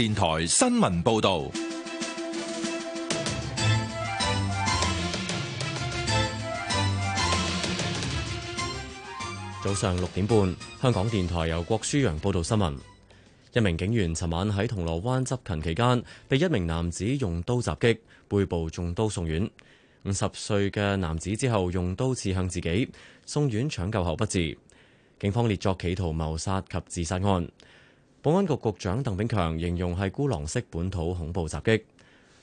電台新聞報道：早上六點半，香港電台由郭書洋報道新聞。一名警員尋晚喺銅鑼灣執勤期間，被一名男子用刀襲擊，背部中刀送院。五十歲嘅男子之後用刀刺向自己，送院搶救後不治。警方列作企圖謀殺及自殺案。保安局局長鄧炳強形容係孤狼式本土恐怖襲擊。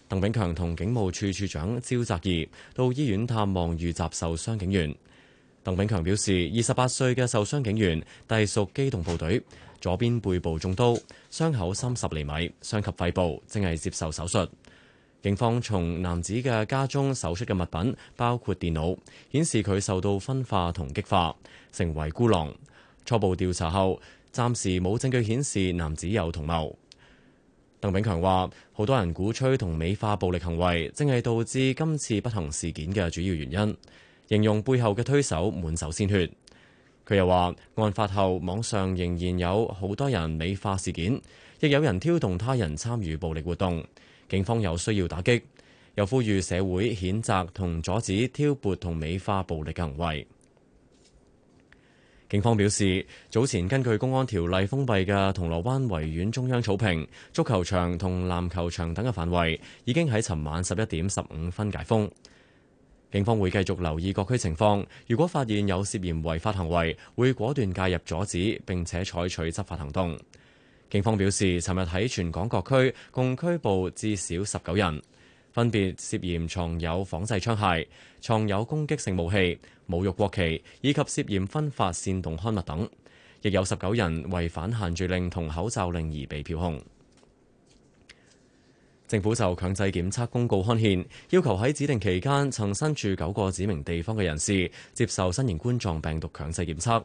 鄧炳強同警務處處長蕭澤頤到醫院探望遇襲受傷警員。鄧炳強表示，二十八歲嘅受傷警員隸屬機動部隊，左邊背部中刀，傷口三十厘米，傷及肺部，正係接受手術。警方從男子嘅家中搜出嘅物品包括電腦，顯示佢受到分化同激化，成為孤狼。初步調查後，暫時冇證據顯示男子有同謀。鄧炳強話：好多人鼓吹同美化暴力行為，正係導致今次不幸事件嘅主要原因。形容背後嘅推手滿手鮮血。佢又話：案發後，網上仍然有好多人美化事件，亦有人挑動他人參與暴力活動。警方有需要打擊，又呼籲社會譴責同阻止挑撥同美化暴力嘅行為。警方表示，早前根據公安條例封閉嘅銅鑼灣維園中央草坪、足球場同籃球場等嘅範圍，已經喺尋晚十一點十五分解封。警方會繼續留意各區情況，如果發現有涉嫌違法行為，會果斷介入阻止，並且採取執法行動。警方表示，尋日喺全港各區共拘捕至少十九人。分別涉嫌藏有仿製槍械、藏有攻擊性武器、侮辱國旗以及涉嫌分發煽動刊物等，亦有十九人違反限聚令同口罩令而被票控。政府就強制檢測公告刊憲，要求喺指定期間曾身處九個指明地方嘅人士接受新型冠狀病毒強制檢測，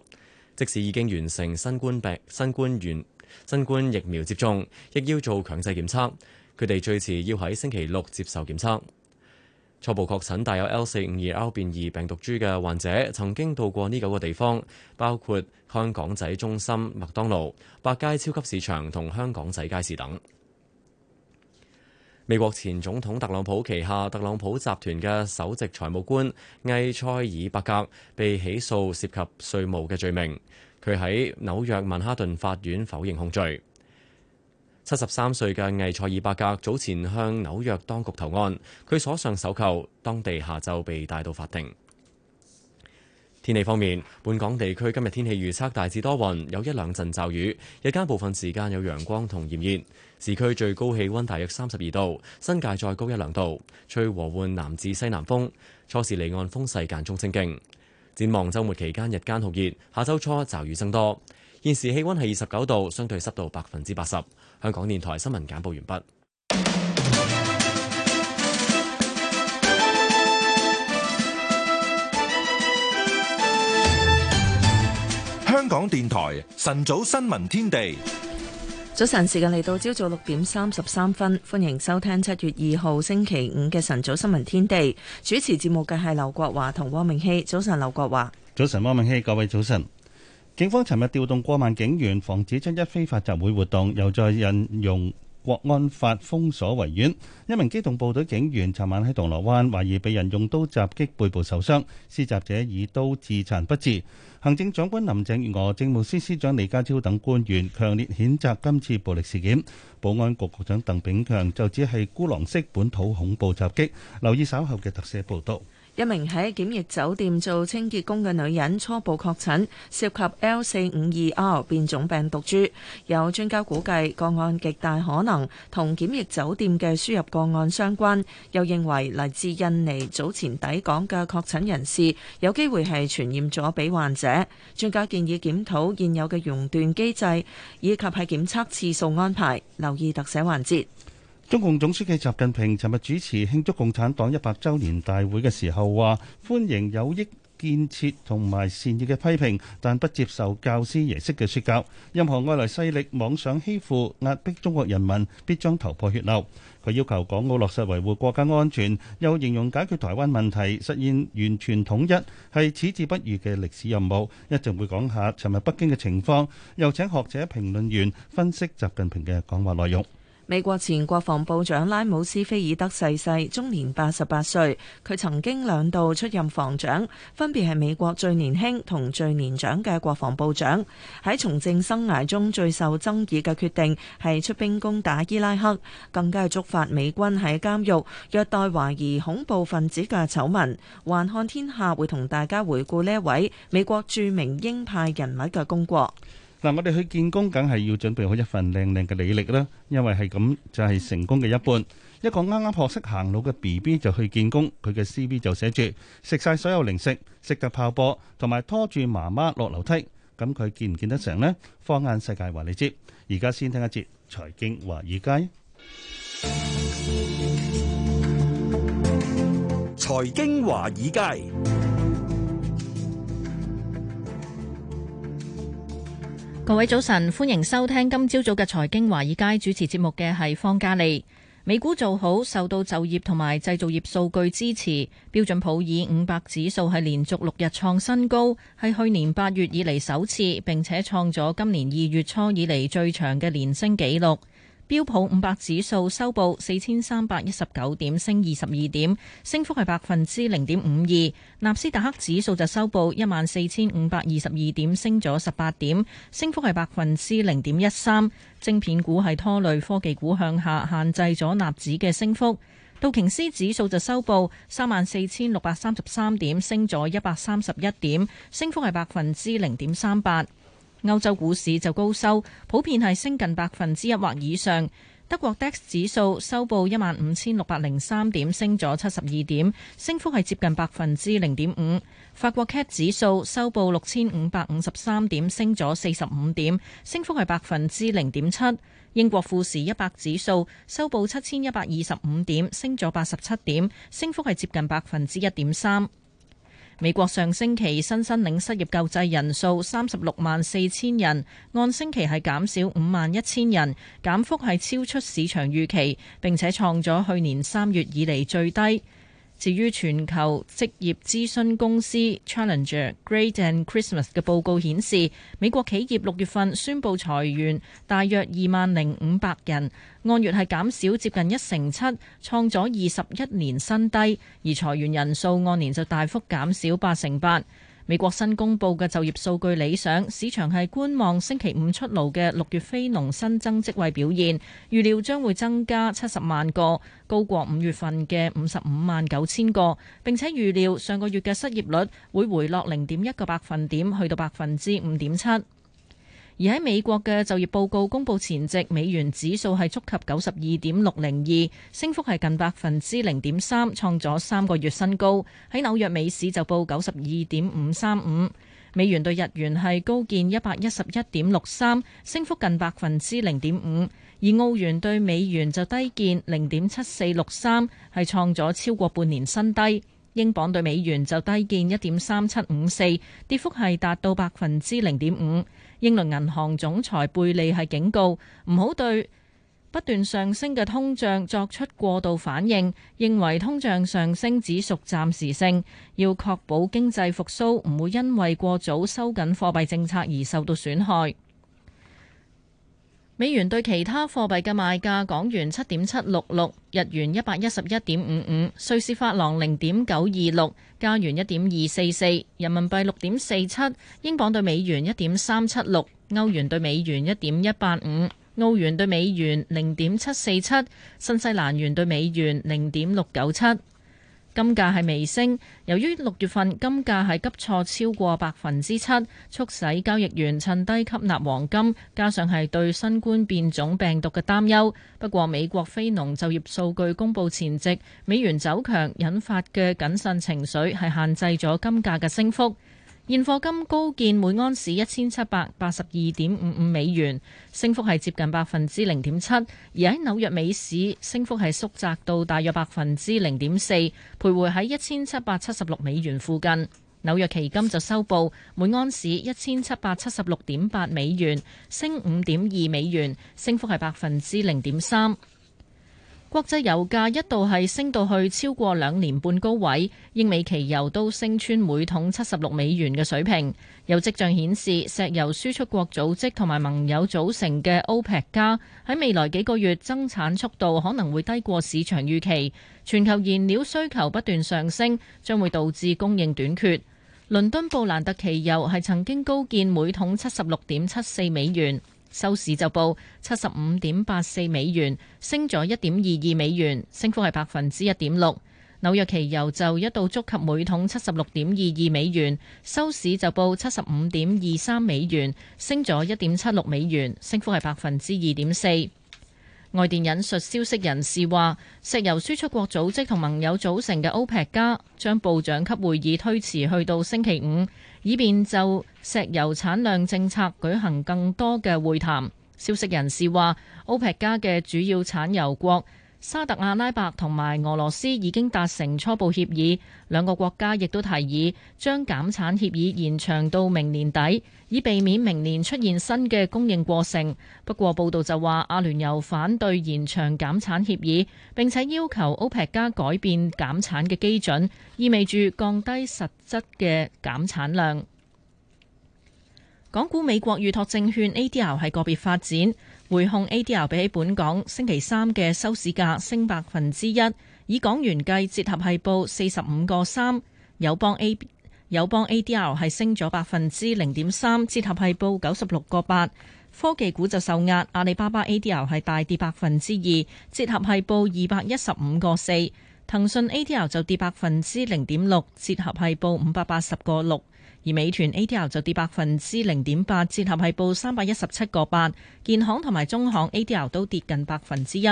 即使已經完成新冠病、新冠源、新冠疫苗接種，亦要做強制檢測。佢哋最遲要喺星期六接受檢測。初步確診帶有 L 四五二 R 變異病毒株嘅患者，曾經到過呢九個地方，包括香港仔中心、麥當勞、百佳超級市場同香港仔街市等。美國前總統特朗普旗下特朗普集團嘅首席財務官魏塞爾伯格被起訴涉及稅務嘅罪名，佢喺紐約曼哈頓法院否認控罪。七十三歲嘅魏塞爾伯格早前向紐約當局投案，佢所上手銬，當地下晝被帶到法庭。天氣方面，本港地區今日天氣預測大致多雲，有一兩陣驟雨，日間部分時間有陽光同炎熱。市區最高氣溫大約三十二度，新界再高一兩度。吹和緩南至西南風，初時離岸風勢間中清勁。展望週末期間，日間酷熱，下周初驟雨增多。現時氣溫係二十九度，相對濕度百分之八十。香港電台新聞簡報完畢。香港電台晨早新聞天地。早晨時間嚟到朝早六點三十三分，歡迎收聽七月二號星期五嘅晨早新聞天地。主持節目嘅係劉國華同汪明熙。早晨，劉國華。早晨，汪明熙。各位早晨。警方尋日調動過萬警員，防止七一非法集會活動，又再引用國安法封鎖維園。一名機動部隊警員尋晚喺銅鑼灣，懷疑被人用刀襲擊背部受傷，施襲者以刀自殘不治。行政長官林鄭月娥、政務司司長李家超等官員強烈譴責今次暴力事件。保安局局長鄧炳強就指係孤狼式本土恐怖襲擊。留意稍後嘅特寫報導。一名喺檢疫酒店做清潔工嘅女人初步確診，涉及 L 四五二 R 變種病毒株。有專家估計個案極大可能同檢疫酒店嘅輸入個案相關，又認為嚟自印尼早前抵港嘅確診人士有機會係傳染咗俾患者。專家建議檢討現有嘅熔斷機制以及係檢測次數安排。留意特寫環節。中共總書記習近平尋日主持慶祝共產黨一百週年大會嘅時候話：歡迎有益建設同埋善意嘅批評，但不接受教師爺式嘅説教。任何外來勢力妄想欺負壓迫中國人民，必將頭破血流。佢要求港澳落實維護國家安全，又形容解決台灣問題、實現完全統一係矢志不渝嘅歷史任務。一陣會講下尋日北京嘅情況，又請學者評論員分析習近平嘅講話內容。美國前國防部長拉姆斯菲爾德逝世，世，終年八十八歲。佢曾經兩度出任防長，分別係美國最年輕同最年長嘅國防部長。喺從政生涯中最受爭議嘅決定係出兵攻打伊拉克，更加係觸發美軍喺監獄虐待懷疑恐怖分子嘅醜聞。還看天下會同大家回顧呢一位美國著名鷹派人物嘅功過。嗱，我哋去見工，梗係要準備好一份靚靚嘅履歷啦，因為係咁就係成功嘅一半。一個啱啱學識行路嘅 BB 就去見工，佢嘅 CV 就寫住食晒所有零食，食得爆破，同埋拖住媽媽落樓梯。咁佢見唔見得成呢？放眼世界話你知。而家先聽一節財經華爾街，財經華爾街。各位早晨，歡迎收聽今朝早嘅財經華爾街，主持節目嘅係方嘉利。美股做好，受到就業同埋製造業數據支持。標準普爾五百指數係連續六日創新高，係去年八月以嚟首次，並且創咗今年二月初以嚟最長嘅連升紀錄。標普五百指數收報四千三百一十九點，升二十二點，升幅係百分之零點五二。納斯達克指數就收報一萬四千五百二十二點，升咗十八點，升幅係百分之零點一三。晶片股係拖累科技股向下，限制咗納指嘅升幅。道瓊斯指數就收報三萬四千六百三十三點，升咗一百三十一點，升幅係百分之零點三八。歐洲股市就高收，普遍係升近百分之一或以上。德國 DAX 指數收報一萬五千六百零三點，升咗七十二點，升幅係接近百分之零點五。法國 CAC 指數收報六千五百五十三點，升咗四十五點，升幅係百分之零點七。英國富時一百指數收報七千一百二十五點，升咗八十七點，升幅係接近百分之一點三。美國上星期新申領失業救濟人數三十六萬四千人，按星期係減少五萬一千人，減幅係超出市場預期，並且創咗去年三月以嚟最低。至於全球職業諮詢公司 Challenger, Gray and Christmas 嘅報告顯示，美國企業六月份宣佈裁員大約二萬零五百人，按月係減少接近一成七，創咗二十一年新低，而裁員人數按年就大幅減少八成八。美國新公布嘅就業數據理想，市場係觀望星期五出爐嘅六月非農新增職位表現，預料將會增加七十萬個，高過五月份嘅五十五萬九千個，並且預料上個月嘅失業率會回落零點一個百分點，去到百分之五點七。而喺美國嘅就業報告公佈前夕，美元指數係觸及九十二點六零二，升幅係近百分之零點三，創咗三個月新高。喺紐約美市就報九十二點五三五，美元對日元係高見一百一十一點六三，升幅近百分之零點五。而澳元對美元就低見零點七四六三，係創咗超過半年新低。英鎊對美元就低見一點三七五四，跌幅係達到百分之零點五。英倫銀行總裁貝利係警告，唔好對不斷上升嘅通脹作出過度反應，認為通脹上升只屬暫時性，要確保經濟復甦唔會因為過早收緊貨幣政策而受到損害。美元對其他貨幣嘅賣價：港元七點七六六，日元一百一十一點五五，瑞士法郎零點九二六，加元一點二四四，人民幣六點四七，英鎊對美元一點三七六，歐元對美元一點一八五，澳元對美元零點七四七，新西蘭元對美元零點六九七。金價係微升，由於六月份金價係急挫超過百分之七，促使交易員趁低吸納黃金，加上係對新冠變種病毒嘅擔憂。不過美國非農就業數據公布前夕，美元走強引發嘅謹慎情緒係限制咗金價嘅升幅。現貨金高見每盎司一千七百八十二點五五美元，升幅係接近百分之零點七；而喺紐約美市升幅係縮窄到大約百分之零點四，徘徊喺一千七百七十六美元附近。紐約期金就收報每盎司一千七百七十六點八美元，升五點二美元，升幅係百分之零點三。國際油價一度係升到去超過兩年半高位，英美期油都升穿每桶七十六美元嘅水平。有跡象顯示，石油輸出國組織同埋盟友組成嘅 OPEC 加喺未來幾個月增產速度可能會低過市場預期。全球燃料需求不斷上升，將會導致供應短缺。倫敦布蘭特期油係曾經高見每桶七十六點七四美元。收市就報七十五點八四美元，升咗一點二二美元，升幅係百分之一點六。紐約期油就一度觸及每桶七十六點二二美元，收市就報七十五點二三美元，升咗一點七六美元，升幅係百分之二點四。外電引述消息人士話，石油輸出國組織同盟友組成嘅歐佩克加將部長級會議推遲去到星期五。以便就石油產量政策舉行更多嘅會談，消息人士話，歐佩克加嘅主要產油國。沙特阿拉伯同埋俄羅斯已經達成初步協議，兩個國家亦都提議將減產協議延長到明年底，以避免明年出現新嘅供應過剩。不過，報道就話阿聯酋反對延長減產協議，並且要求 OPEC+ 改變減產嘅基準，意味住降低實質嘅減產量。港股美國預託證券 ADR 係個別發展。滙控 ADR 比起本港星期三嘅收市價升百分之一，以港元計，折合係報四十五個三。友邦 ADR 係升咗百分之零點三，折合係報九十六個八。科技股就受壓，阿里巴巴 ADR 係大跌百分之二，折合係報二百一十五個四。騰訊 ADR 就跌百分之零點六，折合係報五百八十個六。而美團 ADR 就跌百分之零點八，折合係報三百一十七個八。建行同埋中行 ADR 都跌近百分之一。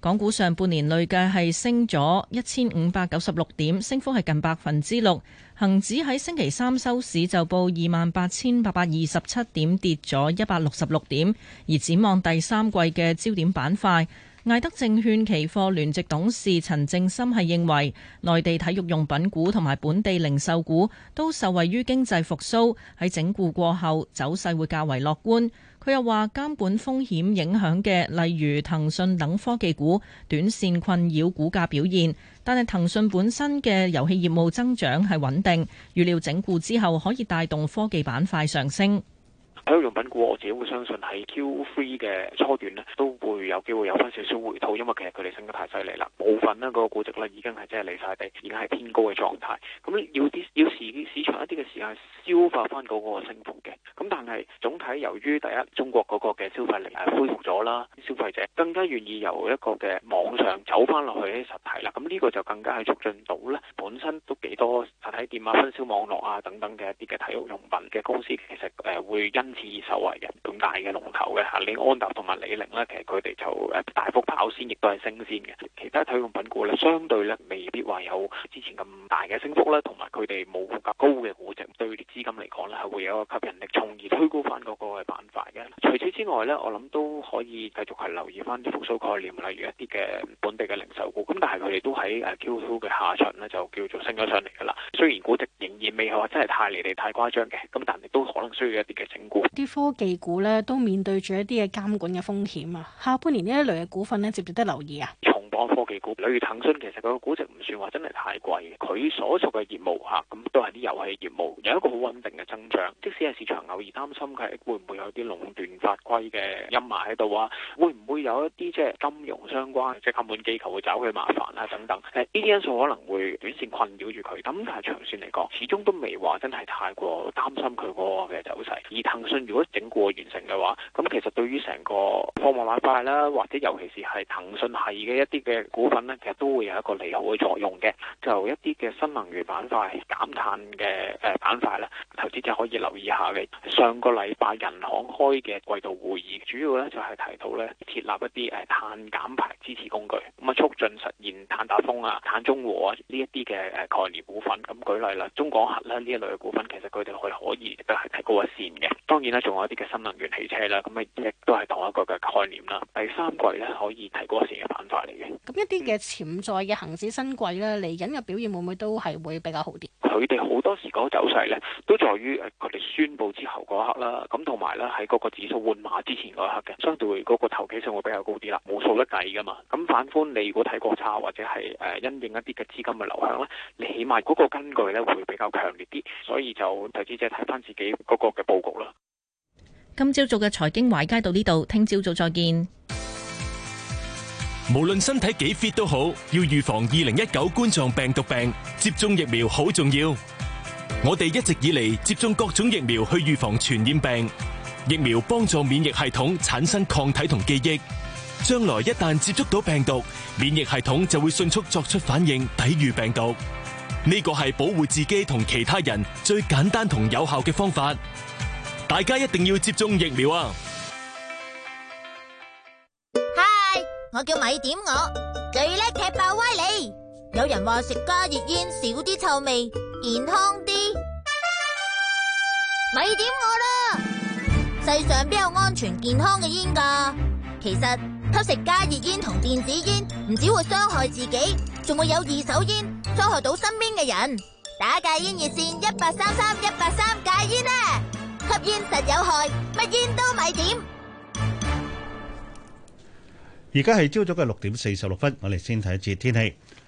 港股上半年累計係升咗一千五百九十六點，升幅係近百分之六。恒指喺星期三收市就報二萬八千八百二十七點，跌咗一百六十六點。而展望第三季嘅焦點板塊。艾德證券期貨聯席董事陳正森係認為，內地體育用品股同埋本地零售股都受惠於經濟復蘇，喺整固過後走勢會較為樂觀，佢又話，監管風險影響嘅，例如騰訊等科技股，短線困擾股價表現，但係騰訊本身嘅遊戲業務增長係穩定，預料整固之後可以帶動科技板塊上升。體育用品股，我自己會相信喺 Q3 嘅初段咧，都會有機會有翻少少回吐，因為其實佢哋升得太犀利啦。部分咧，個估值咧已經係即係，離晒地，已經係偏高嘅狀態。咁要啲要市，市場一啲嘅時間消化翻嗰個升幅嘅。咁但係總體，由於第一中國嗰個嘅消費力係恢復咗啦，消費者更加願意由一個嘅網上走翻落去啲實體啦。咁呢個就更加係促進到咧，本身都幾多實體店啊、分銷網絡啊等等嘅一啲嘅體育用品嘅公司，其實誒會因次受惠嘅咁大嘅龍頭嘅嚇，李安踏同埋李寧呢。其實佢哋就誒大幅跑先，亦都係升先嘅。其他體育用品股呢，相對呢未必話有之前咁大嘅升幅啦。同埋佢哋冇咁高嘅估值，對啲資金嚟講呢，係會有一個吸引力，從而推高翻嗰個嘅板塊嘅。除此之外呢，我諗都可以繼續係留意翻啲復甦概念，例如一啲嘅本地嘅零售股。咁但係佢哋都喺誒 Q2 嘅下旬呢，就叫做升咗上嚟㗎啦。雖然估值仍然未係話真係太離地太誇張嘅，咁但亦都可能需要一啲嘅整固。啲科技股咧都面對住一啲嘅監管嘅風險啊！下半年呢一類嘅股份咧，值唔值得留意啊？重磅科技股，例如騰訊，其實個估值唔算話真係太貴。佢所屬嘅業務吓，咁都係啲遊戲業務，有一個好穩定嘅增長。即使係市場偶爾擔心佢會唔會有啲壟斷法規嘅陰霾喺度啊，會唔會有一啲即係金融相關即係監管機構會找佢麻煩啊等等？誒，呢啲因素可能會短線困擾住佢。咁但係長線嚟講，始終都未話真係太過擔心佢個嘅走勢，而騰。如果整固完成嘅話，咁其實對於成個科技板塊啦，或者尤其是係騰訊係嘅一啲嘅股份呢，其實都會有一個利好嘅作用嘅。就一啲嘅新能源板塊、減碳嘅誒板塊呢，投資者可以留意一下嘅。上個禮拜人行開嘅季度會議，主要呢就係提到呢，設立一啲誒碳減排支持工具，咁啊促進實現碳達峰啊、碳中和啊呢一啲嘅誒概念股份。咁舉例啦，中廣核呢這一類嘅股份，其實佢哋係可以都提高一線嘅。當然啦，仲有一啲嘅新能源汽車啦，咁啊亦都係同一個嘅概念啦。第三季咧可以提嗰時嘅板塊嚟嘅。咁一啲嘅潛在嘅恒指新貴咧嚟緊嘅表現會唔會都係會比較好啲？佢哋好多時嗰個走勢咧，都在於佢哋宣布之後嗰一刻啦，咁同埋咧喺嗰個指數換馬之前嗰一刻嘅，相對嗰個投機性會比較高啲啦，冇數得計噶嘛。咁反觀你如果睇國差或者係誒因應一啲嘅資金嘅流向咧，你起碼嗰個根據咧會比較強烈啲，所以就投資者睇翻自己嗰個嘅報告啦。今朝早嘅財經懷街到呢度，聽朝早再見。無論身體幾 fit 都好，要預防二零一九冠狀病毒病，接種疫苗好重要。我哋一直以嚟接種各種疫苗去預防傳染病，疫苗幫助免疫系統產生抗體同記憶，將來一旦接觸到病毒，免疫系統就會迅速作出反應抵禦病毒。呢個係保護自己同其他人最簡單同有效嘅方法。大家一定要接種疫苗啊！嗨，我叫米點，我最叻踢爆威你。有人話食加熱煙少啲臭味，健康啲。米點我啦！世上邊有安全健康嘅煙噶？其實吸食加熱煙同電子煙唔只會傷害自己，仲會有二手煙傷害到身邊嘅人。打戒煙熱線一八三三一八三戒煙啊！吸煙實有害，乜煙都咪掂。而家係朝早嘅六點四十六分，我哋先睇一節天氣。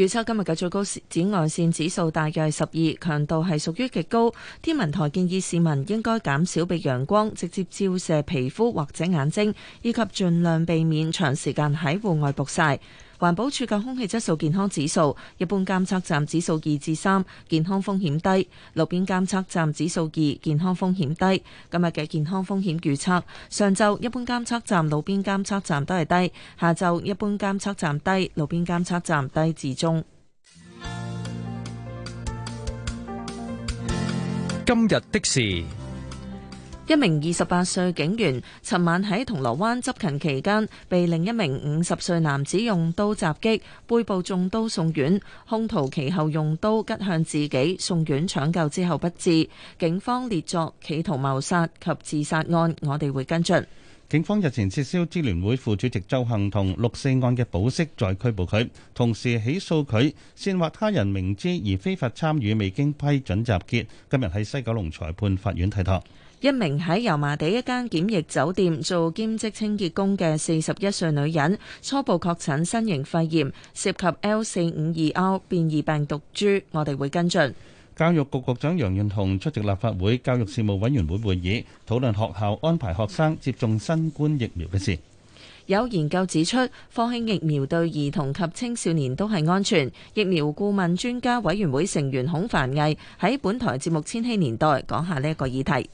預測今日嘅最高紫外線指數大約係十二，強度係屬於極高。天文台建議市民應該減少被陽光直接照射皮膚或者眼睛，以及盡量避免長時間喺戶外曝曬。環保署嘅空氣質素健康指數，一般監測站指數二至三，健康風險低；路邊監測站指數二，健康風險低。今日嘅健康風險預測，上晝一般監測站、路邊監測站都係低，下晝一般監測站低，路邊監測站低至中。今日的事。一名二十八歲警員，尋晚喺銅鑼灣執勤期間，被另一名五十歲男子用刀襲擊，背部中刀送院。兇徒其後用刀刺向自己，送院搶救之後不治。警方列作企圖謀殺及自殺案。我哋會跟進。警方日前撤銷支聯會副主席鄒幸彤同六四案嘅保釋，再拘捕佢，同時起訴佢煽惑他人明知而非法參與未經批准集結。今日喺西九龍裁判法院提堂。一名喺油麻地一間檢疫酒店做兼職清潔工嘅四十一歲女人，初步確診新型肺炎，涉及 L 四五二 R 變異病毒株。我哋會跟進。教育局局長楊潤雄出席立法會教育事務委員會會議，討論學校安排學生接種新冠疫苗嘅事。有研究指出，科興疫苗對兒童及青少年都係安全。疫苗顧問專家委員會成員孔凡毅喺本台節目《千禧年代》講下呢一個議題。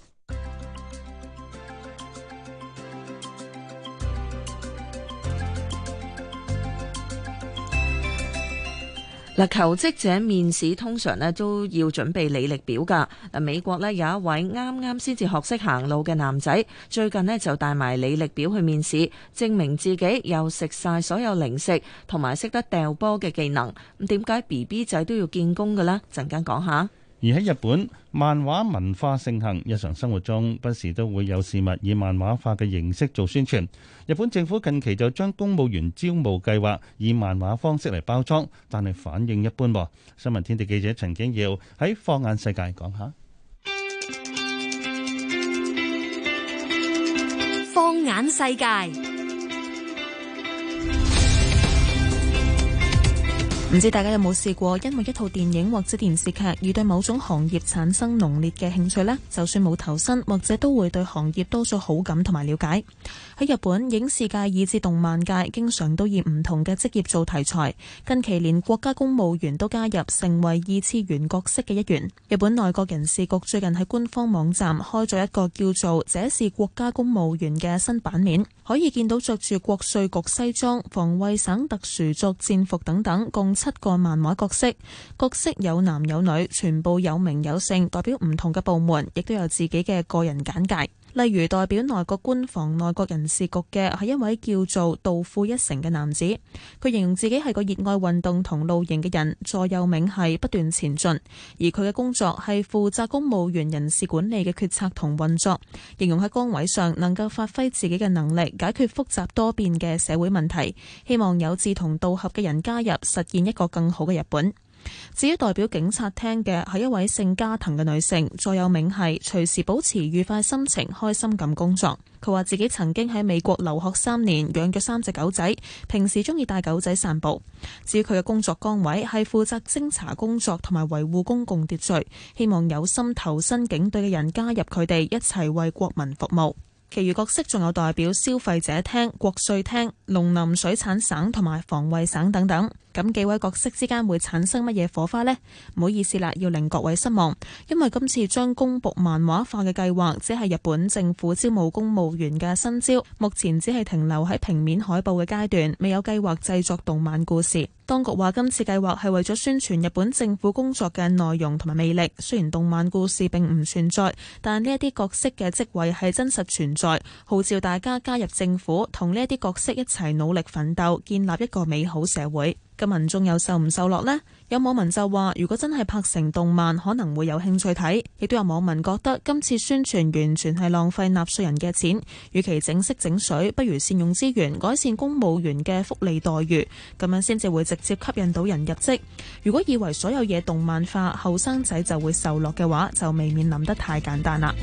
嗱，求職者面試通常呢都要準備履歷表㗎。嗱，美國呢有一位啱啱先至學識行路嘅男仔，最近呢就帶埋履歷表去面試，證明自己又食晒所有零食，同埋識得掉波嘅技能。咁點解 BB 仔都要見工嘅呢？陣間講下。而喺日本，漫畫文化盛行，日常生活中不時都會有事物以漫畫化嘅形式做宣傳。日本政府近期就將公務員招募計劃以漫畫方式嚟包裝，但係反應一般。新聞天地記者陳景耀喺放眼世界講下。放眼世界。唔知大家有冇試過，因為一套電影或者電視劇而對某種行業產生濃烈嘅興趣呢？就算冇投身，或者都會對行業多咗好感同埋了解。喺日本影視界以至動漫界，經常都以唔同嘅職業做題材。近期連國家公務員都加入，成為二次元角色嘅一員。日本內閣人事局最近喺官方網站開咗一個叫做《這是國家公務員》嘅新版面，可以見到着住國稅局西裝、防衛省特殊作戰服等等，共七個漫畫角色。角色有男有女，全部有名有姓，代表唔同嘅部門，亦都有自己嘅個人簡介。例如代表內閣官房內閣人事局嘅係一位叫做道富一成嘅男子，佢形容自己係個熱愛運動同露營嘅人，座右銘係不斷前進。而佢嘅工作係負責公務員人事管理嘅決策同運作，形容喺崗位上能夠發揮自己嘅能力，解決複雜多變嘅社會問題。希望有志同道合嘅人加入，實現一個更好嘅日本。至於代表警察廳嘅係一位姓加藤嘅女性，座右銘係隨時保持愉快心情，開心咁工作。佢話自己曾經喺美國留學三年，養咗三隻狗仔，平時中意帶狗仔散步。至於佢嘅工作崗位係負責偵查工作同埋維護公共秩序，希望有心投身警隊嘅人加入佢哋，一齊為國民服務。其餘角色仲有代表消費者廳、國稅廳、農林水產省同埋防衛省等等，咁幾位角色之間會產生乜嘢火花呢？唔好意思啦，要令各位失望，因為今次將公僕漫畫化嘅計劃，只係日本政府招募公務員嘅新招，目前只係停留喺平面海報嘅階段，未有計劃製作動漫故事。當局話：今次計劃係為咗宣傳日本政府工作嘅內容同埋魅力。雖然動漫故事並唔存在，但呢一啲角色嘅職位係真實存在，號召大家加入政府，同呢一啲角色一齊努力奮鬥，建立一個美好社會。咁民眾有受唔受落呢？有網民就話，如果真係拍成動漫，可能會有興趣睇。亦都有網民覺得今次宣傳完全係浪費納稅人嘅錢，與其整色整水，不如善用資源改善公務員嘅福利待遇，咁樣先至會直接吸引到人入職。如果以為所有嘢動漫化，後生仔就會受落嘅話，就未免諗得太簡單啦。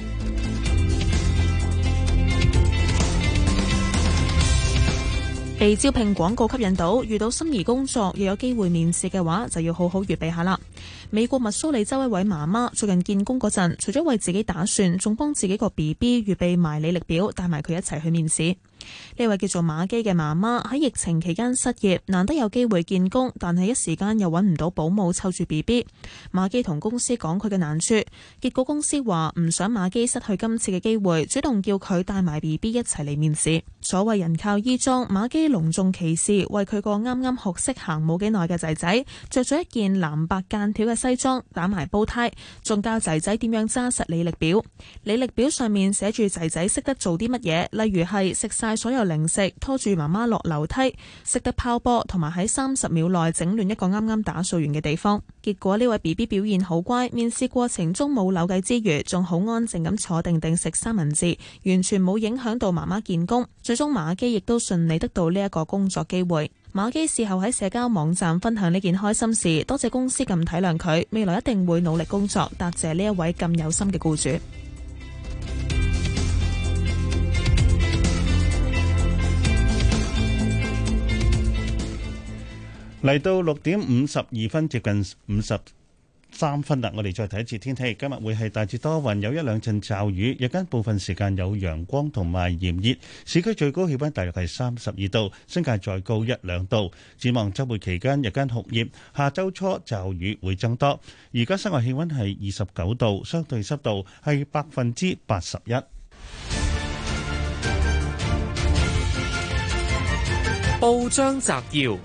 被招聘廣告吸引到，遇到心儀工作又有機會面試嘅話，就要好好預備下啦。美國密蘇里州一位媽媽最近搵工嗰陣，除咗為自己打算，仲幫自己個 BB 預備埋履歷表，帶埋佢一齊去面試。呢位叫做馬基嘅媽媽喺疫情期間失業，難得有機會見工，但係一時間又揾唔到保姆湊住 B B。馬基同公司講佢嘅難處，結果公司話唔想馬基失去今次嘅機會，主動叫佢帶埋 B B 一齊嚟面試。所謂人靠衣裝，馬基隆重其事為佢個啱啱學識行冇幾耐嘅仔仔着咗一件藍白間條嘅西裝，打埋煲呔，仲教仔仔點樣揸實履歷表。履歷表上面寫住仔仔識得做啲乜嘢，例如係識晒。」所有零食，拖住媽媽落樓梯，識得拋波，同埋喺三十秒內整亂一個啱啱打掃完嘅地方。結果呢位 B B 表現好乖，面試過程中冇扭計之餘，仲好安靜咁坐定定食三文治，完全冇影響到媽媽見工。最終馬基亦都順利得到呢一個工作機會。馬基事後喺社交網站分享呢件開心事，多謝公司咁體諒佢，未來一定會努力工作，答謝呢一位咁有心嘅僱主。嚟到六點五十二分，接近五十三分啦。我哋再睇一次天氣，今日會係大致多雲，有一兩陣驟雨，日間部分時間有陽光同埋炎熱。市區最高氣溫大約係三十二度，新界再高一兩度。展望週末期間日間酷熱，下週初驟雨會增多。而家室外氣溫係二十九度，相對濕度係百分之八十一。報章摘要。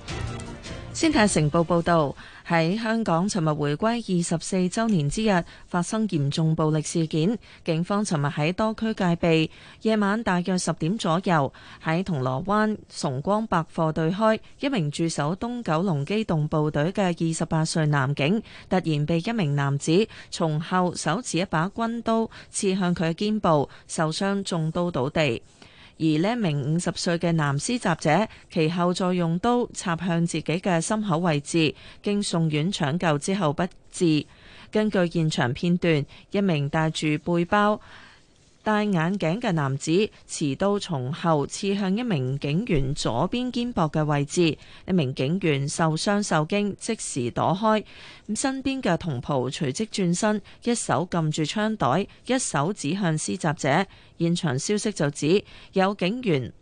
先報報道《先睇成報》報導，喺香港尋日回歸二十四週年之日，發生嚴重暴力事件。警方尋日喺多區戒備，夜晚大約十點左右，喺銅鑼灣崇光百貨對開，一名駐守東九龍機動部隊嘅二十八歲男警，突然被一名男子從後手持一把軍刀刺向佢嘅肩部，受傷中刀倒地。而呢名五十歲嘅男施襲者，其後再用刀插向自己嘅心口位置，經送院搶救之後不治。根據現場片段，一名帶住背包。戴眼鏡嘅男子持刀從後刺向一名警員左邊肩膊嘅位置，一名警員受傷受驚，即時躲開。咁身邊嘅同袍隨即轉身，一手撳住槍袋，一手指向施襲者。現場消息就指有警員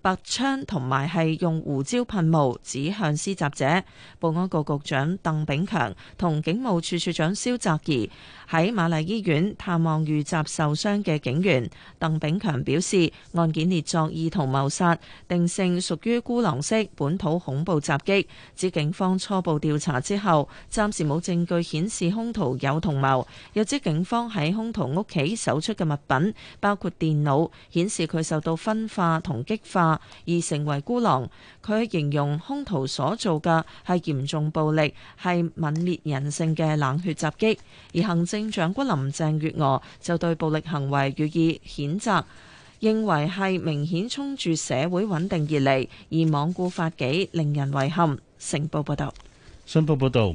拔槍同埋係用胡椒噴霧指向施襲者。保安局局長鄧炳強同警務處處長蕭澤頤，喺瑪麗醫院探望遇襲受傷嘅警員鄧炳強表示，案件列作意圖謀殺，定性屬於孤狼式本土恐怖襲擊。指警方初步調查之後，暫時冇證據顯示凶徒有同謀。又指警方喺凶徒屋企搜出嘅物品包括電腦，顯示佢受到分化同激化，而成為孤狼。佢形容兇徒所做嘅係嚴重暴力，係泯滅人性嘅冷血襲擊，而行政長官林鄭月娥就對暴力行為予以譴責，認為係明顯衝住社會穩定而嚟，而罔顧法紀，令人遺憾。成報報道。信報報導。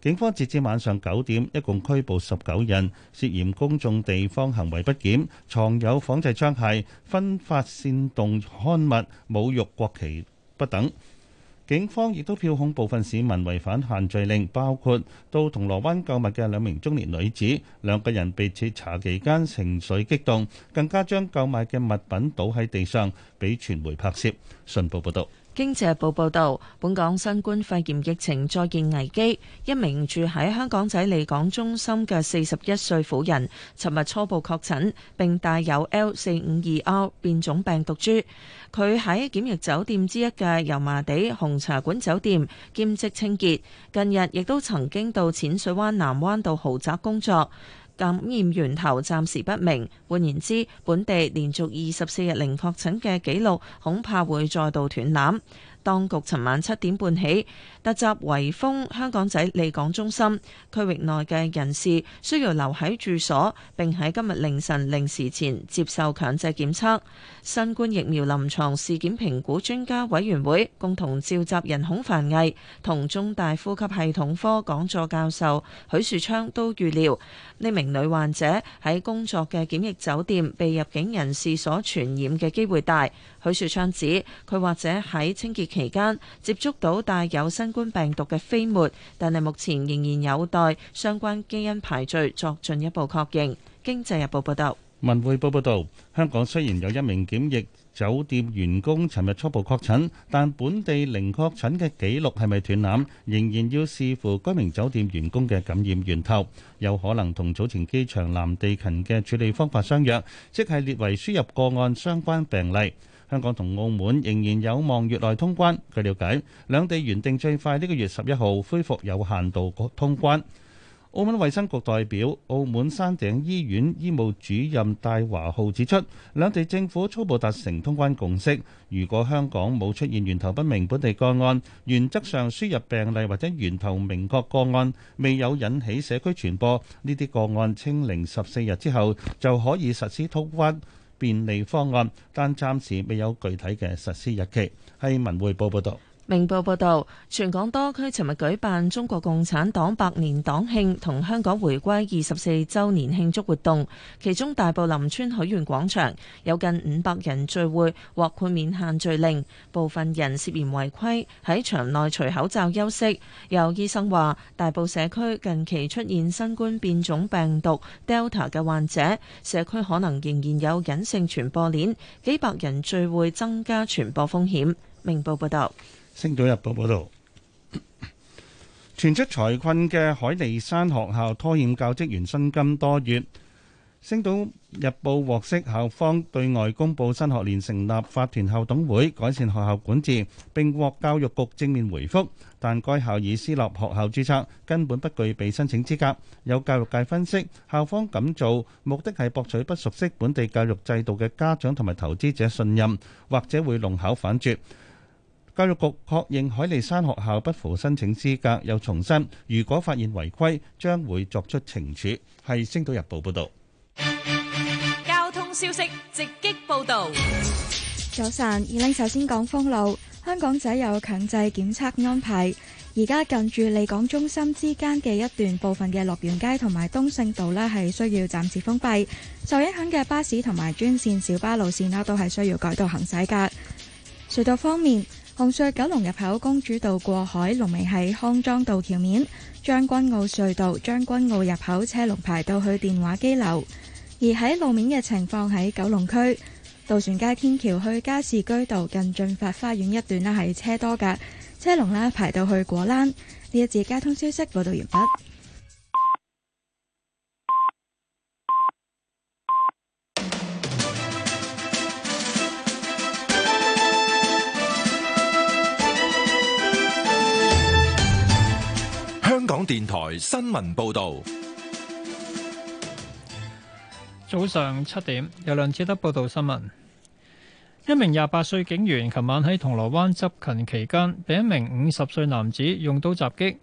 警方截至晚上九點，一共拘捕十九人，涉嫌公眾地方行為不檢、藏有仿製槍械、分發煽動刊物、侮辱國旗不等。警方亦都票控部分市民違反限聚令，包括到銅鑼灣購物嘅兩名中年女子，兩個人被截查期間情緒激動，更加將購買嘅物品倒喺地上，俾傳媒拍攝。信報報道。《經濟日報》報導，本港新冠肺炎疫情再現危機，一名住喺香港仔利港中心嘅四十一歲婦人，尋日初步確診，並帶有 L 四五二 R 變種病毒株。佢喺檢疫酒店之一嘅油麻地紅茶館酒店兼職清潔，近日亦都曾經到淺水灣南灣道豪宅工作。感染源頭暫時不明，換言之，本地連續二十四日零確診嘅紀錄恐怕會再度斷纜。當局尋晚七點半起，密集圍封香港仔利港中心區域內嘅人士需要留喺住所，並喺今日凌晨零時前接受強制檢測。新冠疫苗臨床事件評估專家委員會共同召集人孔繁毅同中大呼吸系統科講座教授許樹昌都預料，呢名女患者喺工作嘅檢疫酒店被入境人士所傳染嘅機會大。許樹昌指，佢或者喺清潔期間接觸到帶有新冠病毒嘅飛沫，但係目前仍然有待相關基因排序作進一步確認。經濟日報報導，文匯報報導，香港雖然有一名檢疫酒店員工尋日初步確診，但本地零確診嘅記錄係咪斷纜，仍然要視乎該名酒店員工嘅感染源頭，有可能同早前機場南地勤嘅處理方法相若，即係列為輸入個案相關病例。香港同澳門仍然有望月內通關。據瞭解，兩地原定最快呢個月十一號恢復有限度通關。澳門衛生局代表、澳門山頂醫院醫務主任戴華浩指出，兩地政府初步達成通關共識。如果香港冇出現源頭不明本地個案，原則上輸入病例或者源頭明確個案未有引起社區傳播，呢啲個案清零十四日之後就可以實施通關。便利方案，但暫時未有具體嘅實施日期。係文匯報報道。明報報導，全港多區尋日舉辦中國共產黨百年黨慶同香港回歸二十四週年慶祝活動，其中大埔林村許願廣場有近五百人聚會，獲豁免限聚令。部分人涉嫌違規喺場內除口罩休息。有醫生話，大埔社區近期出現新冠變種病毒 Delta 嘅患者，社區可能仍然有隱性傳播鏈，幾百人聚會增加傳播風險。明報報導。《星島日報》報道，傳出財困嘅海尼山學校拖欠教職員薪金多月。《星島日報》獲悉，校方對外公布新學年成立法團校董會，改善學校管治，並獲教育局正面回覆。但該校以私立學校註冊，根本不具備申請資格。有教育界分析，校方咁做目的係博取不熟悉本地教育制度嘅家長同埋投資者信任，或者會弄巧反拙。教育局確認海利山學校不符申請資格，又重申，如果發現違規，將會作出懲處。係《星島日報》報道。交通消息直擊報道。早晨，二令首先講封路。香港仔有強制檢測安排，而家近住利港中心之間嘅一段部分嘅樂園街同埋東勝道咧，係需要暫時封閉。受影響嘅巴士同埋專線小巴路線啦，都係需要改道行駛噶。隧道方面。紅隧九龍入口公主道過海龍尾喺康莊道橋面，將軍澳隧道將軍澳入口車龍排到去電話機樓，而喺路面嘅情況喺九龍區，渡船街天橋去加士居道近駿發花園一段啦係車多噶，車龍啦排到去果欄。呢一節交通消息報道完畢。香港電台新聞報道，早上七點，由梁志德報道新聞。一名廿八歲警員琴晚喺銅鑼灣執勤期間，被一名五十歲男子用刀襲擊，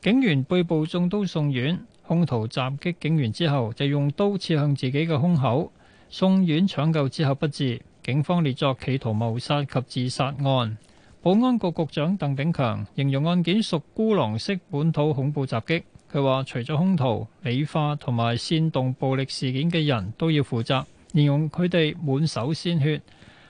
警員背部中刀送院。兇徒襲擊警員之後，就用刀刺向自己嘅胸口，送院搶救之後不治。警方列作企圖謀殺及自殺案。保安局局長鄧炳強形容案件屬孤狼式本土恐怖襲擊。佢話：除咗凶徒、美化同埋煽動暴力事件嘅人都要負責，形容佢哋滿手鮮血。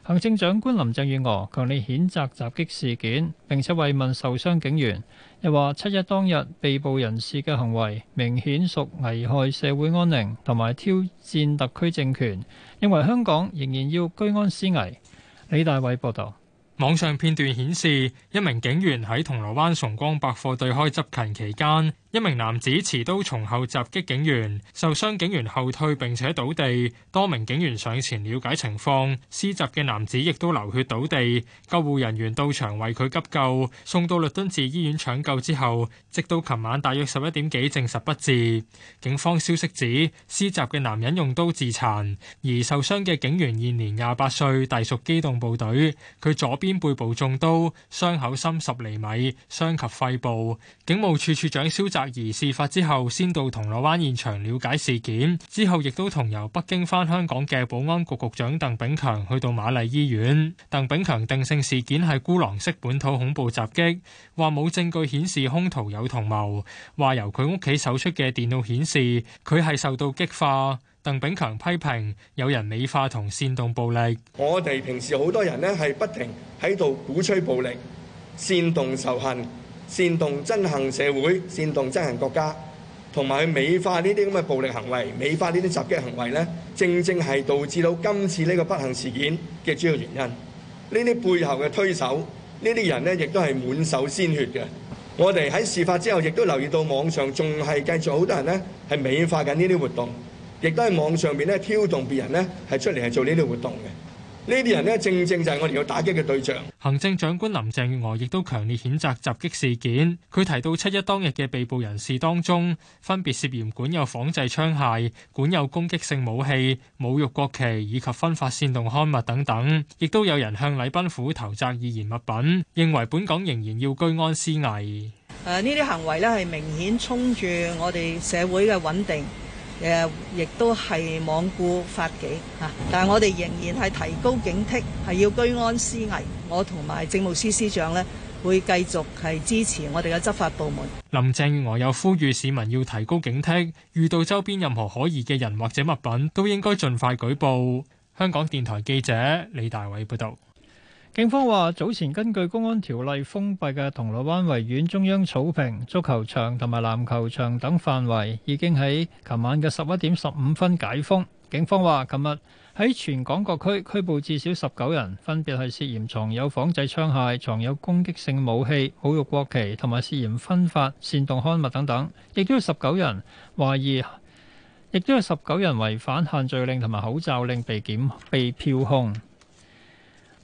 行政長官林鄭月娥強烈譴責襲擊事件，並且慰問受傷警員。又話：七一當日被捕人士嘅行為明顯屬危害社會安寧同埋挑戰特區政權，認為香港仍然要居安思危。李大偉報道。網上片段顯示，一名警員喺銅鑼灣崇光百貨對開執勤期間，一名男子持刀從後襲擊警員，受傷警員後退並且倒地，多名警員上前了解情況。施襲嘅男子亦都流血倒地，救護人員到場為佢急救，送到律敦治醫院搶救之後，直到琴晚大約十一點幾證實不治。警方消息指，施襲嘅男人用刀自殘，而受傷嘅警員現年廿八歲，隸屬機動部隊，佢左邊背部中刀，傷口深十厘米，傷及肺部。警務處處長蕭澤。而事發之後，先到銅鑼灣現場了解事件，之後亦都同由北京返香港嘅保安局局長鄧炳強去到瑪麗醫院。鄧炳強定性事件係孤狼式本土恐怖襲擊，話冇證據顯示兇徒有同謀，話由佢屋企搜出嘅電腦顯示佢係受到激化。鄧炳強批評有人美化同煽動暴力，我哋平時好多人呢係不停喺度鼓吹暴力、煽動仇恨。煽動憎恨社會、煽動憎恨國家，同埋去美化呢啲咁嘅暴力行為、美化呢啲襲擊行為咧，正正係導致到今次呢個不幸事件嘅主要原因。呢啲背後嘅推手，呢啲人咧亦都係滿手鮮血嘅。我哋喺事發之後，亦都留意到網上仲係繼續好多人咧係美化緊呢啲活動，亦都喺網上面咧挑動別人咧係出嚟係做呢啲活動嘅。呢啲人咧，正正就係我哋要打擊嘅對象。行政長官林鄭月娥亦都強烈譴責襲擊事件。佢提到七一當日嘅被捕人士當中，分別涉嫌管有仿製槍械、管有攻擊性武器、侮辱國旗以及分發煽動刊物等等。亦都有人向禮賓府投擲易燃物品，認為本港仍然要居安思危。誒，呢啲行為咧係明顯衝住我哋社會嘅穩定。誒，亦都係罔顧法紀嚇，但係我哋仍然係提高警惕，係要居安思危。我同埋政務司司長咧，會繼續係支持我哋嘅執法部門。林鄭月娥又呼籲市民要提高警惕，遇到周邊任何可疑嘅人或者物品，都應該盡快舉報。香港電台記者李大偉報道。警方話，早前根據公安條例封閉嘅銅鑼灣維園中央草坪、足球場同埋籃球場等範圍，已經喺琴晚嘅十一點十五分解封。警方話，琴日喺全港各區拘捕至少十九人，分別係涉嫌藏有仿製槍械、藏有攻擊性武器、侮辱國旗同埋涉嫌分發煽動刊物等等。亦都有十九人懷疑，亦都有十九人違反限聚令同埋口罩令，被檢被票控。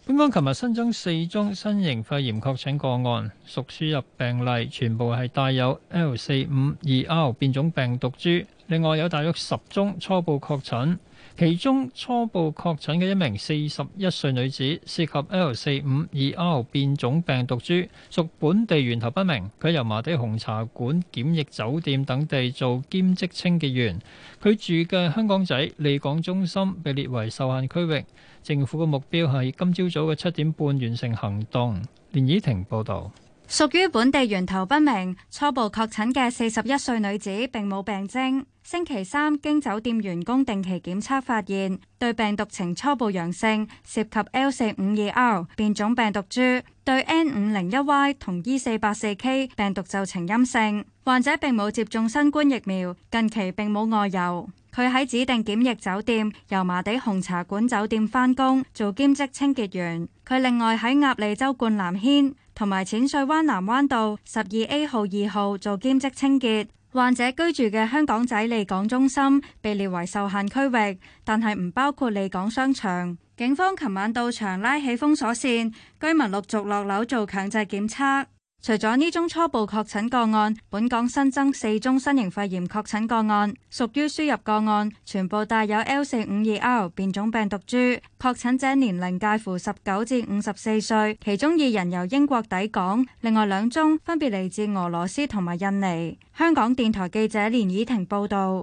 本港琴日新增四宗新型肺炎確診個案，屬輸入病例，全部係帶有 L 四五二 R 變種病毒株。另外有大約十宗初步確診。其中初步確診嘅一名四十一歲女子涉及 L 四五二 R 變種病毒株，屬本地源頭不明。佢喺油麻地紅茶館、檢疫酒店等地做兼職清潔員。佢住嘅香港仔利港中心被列為受限區域。政府嘅目標係今朝早嘅七點半完成行動。連倚婷報導。屬於本地源頭不明，初步確診嘅四十一歲女子，並冇病徵。星期三經酒店員工定期檢測發現，對病毒呈初步陽性，涉及 L 四五二 R 變種病毒株，對 N 五零一 Y 同 E 四八四 K 病毒就呈陰性。患者並冇接種新冠疫苗，近期並冇外遊。佢喺指定檢疫酒店油麻地紅茶館酒店返工做兼職清潔員。佢另外喺鴨脷洲冠南軒。同埋淺水灣南灣道十二 A 號二號做兼職清潔，患者居住嘅香港仔利港中心被列為受限區域，但係唔包括利港商場。警方琴晚到場拉起封鎖線，居民陸續落樓做強制檢測。除咗呢宗初步確診個案，本港新增四宗新型肺炎確診個案，屬於輸入個案，全部帶有 L 四五二 R 變種病毒株。確診者年齡介乎十九至五十四歲，其中二人由英國抵港，另外兩宗分別嚟自俄羅斯同埋印尼。香港電台記者連倚婷報道。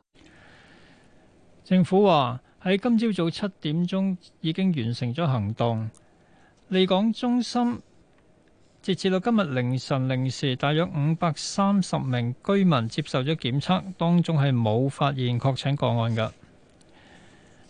政府話喺今朝早七點鐘已經完成咗行動，離港中心。截至到今日凌晨零時大約五百三十名居民接受咗檢測，當中係冇發現確診個案嘅。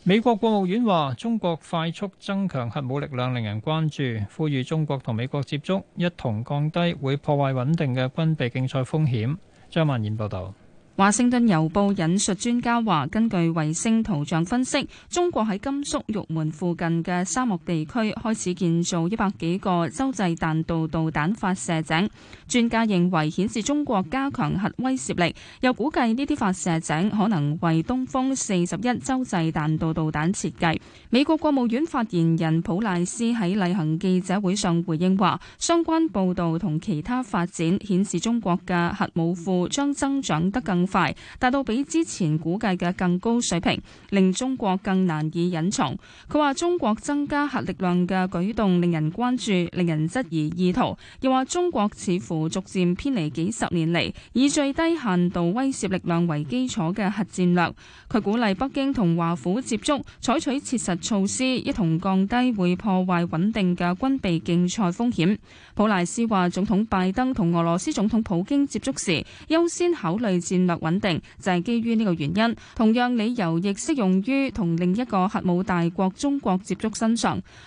美國國務院話中國快速增強核武力量令人關注，呼籲中國同美國接觸，一同降低會破壞穩定嘅軍備競賽風險。張曼燕報道。華盛頓郵報引述專家話，根據衛星圖像分析，中國喺甘肅玉門附近嘅沙漠地區開始建造一百幾個洲際彈道導彈發射井。專家認為，顯示中國加強核威懾力，又估計呢啲發射井可能為東風四十一洲際彈道導彈設計。美國國務院發言人普賴斯喺例行記者會上回應話，相關報道同其他發展，顯示中國嘅核武庫將增長得更。快達到比之前估計嘅更高水平，令中國更難以隱藏。佢話中國增加核力量嘅舉動令人關注，令人質疑意圖，又話中國似乎逐漸偏離幾十年嚟以最低限度威懾力量為基礎嘅核戰略。佢鼓勵北京同華府接觸，採取切實措施，一同降低會破壞穩定嘅軍備競賽風險。普賴斯話：總統拜登同俄羅斯總統普京接觸時，優先考慮戰略。穩定就係、是、基於呢個原因，同樣理由亦適用於同另一個核武大國中國接觸身上。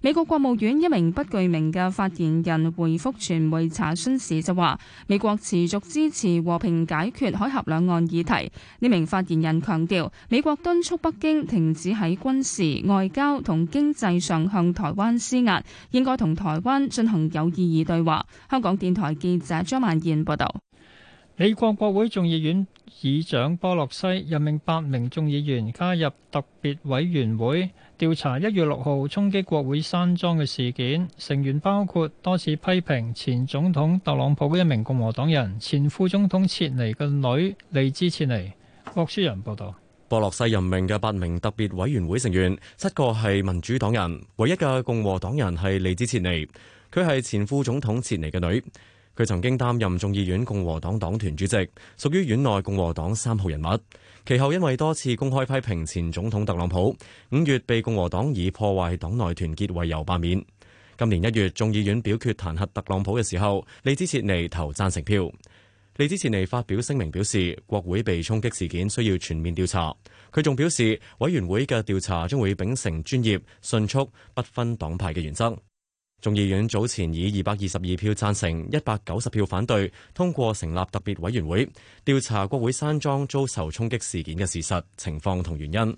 美國國務院一名不具名嘅發言人回覆傳媒查詢時就話，美國持續支持和平解決海峽兩岸議題，呢名發言人強調美國敦促北京停止喺軍事、外交同經濟上向台灣施壓，應該同台灣進行有意義對話，香港電台記者張曼燕報道。美國國會眾議院議長波洛西任命八名眾議員加入特別委員會調查一月六號衝擊國會山莊嘅事件。成員包括多次批評前總統特朗普嘅一名共和黨人、前副總統切尼嘅女利茲切尼。郭書人報道，波洛西任命嘅八名特別委員會成員，七個係民主黨人，唯一嘅共和黨人係利茲切尼，佢係前副總統切尼嘅女。佢曾經擔任眾議院共和黨黨團主席，屬於院內共和黨三號人物。其後因為多次公開批評前總統特朗普，五月被共和黨以破壞黨內團結為由罷免。今年一月，眾議院表決彈劾特朗普嘅時候，利茲切尼投贊成票。利茲切尼發表聲明表示，國會被衝擊事件需要全面調查。佢仲表示，委員會嘅調查將會秉承專業、迅速、不分黨派嘅原則。眾議院早前以二百二十二票贊成、一百九十票反對通過成立特別委員會，調查國會山莊遭受衝擊事件嘅事實、情況同原因。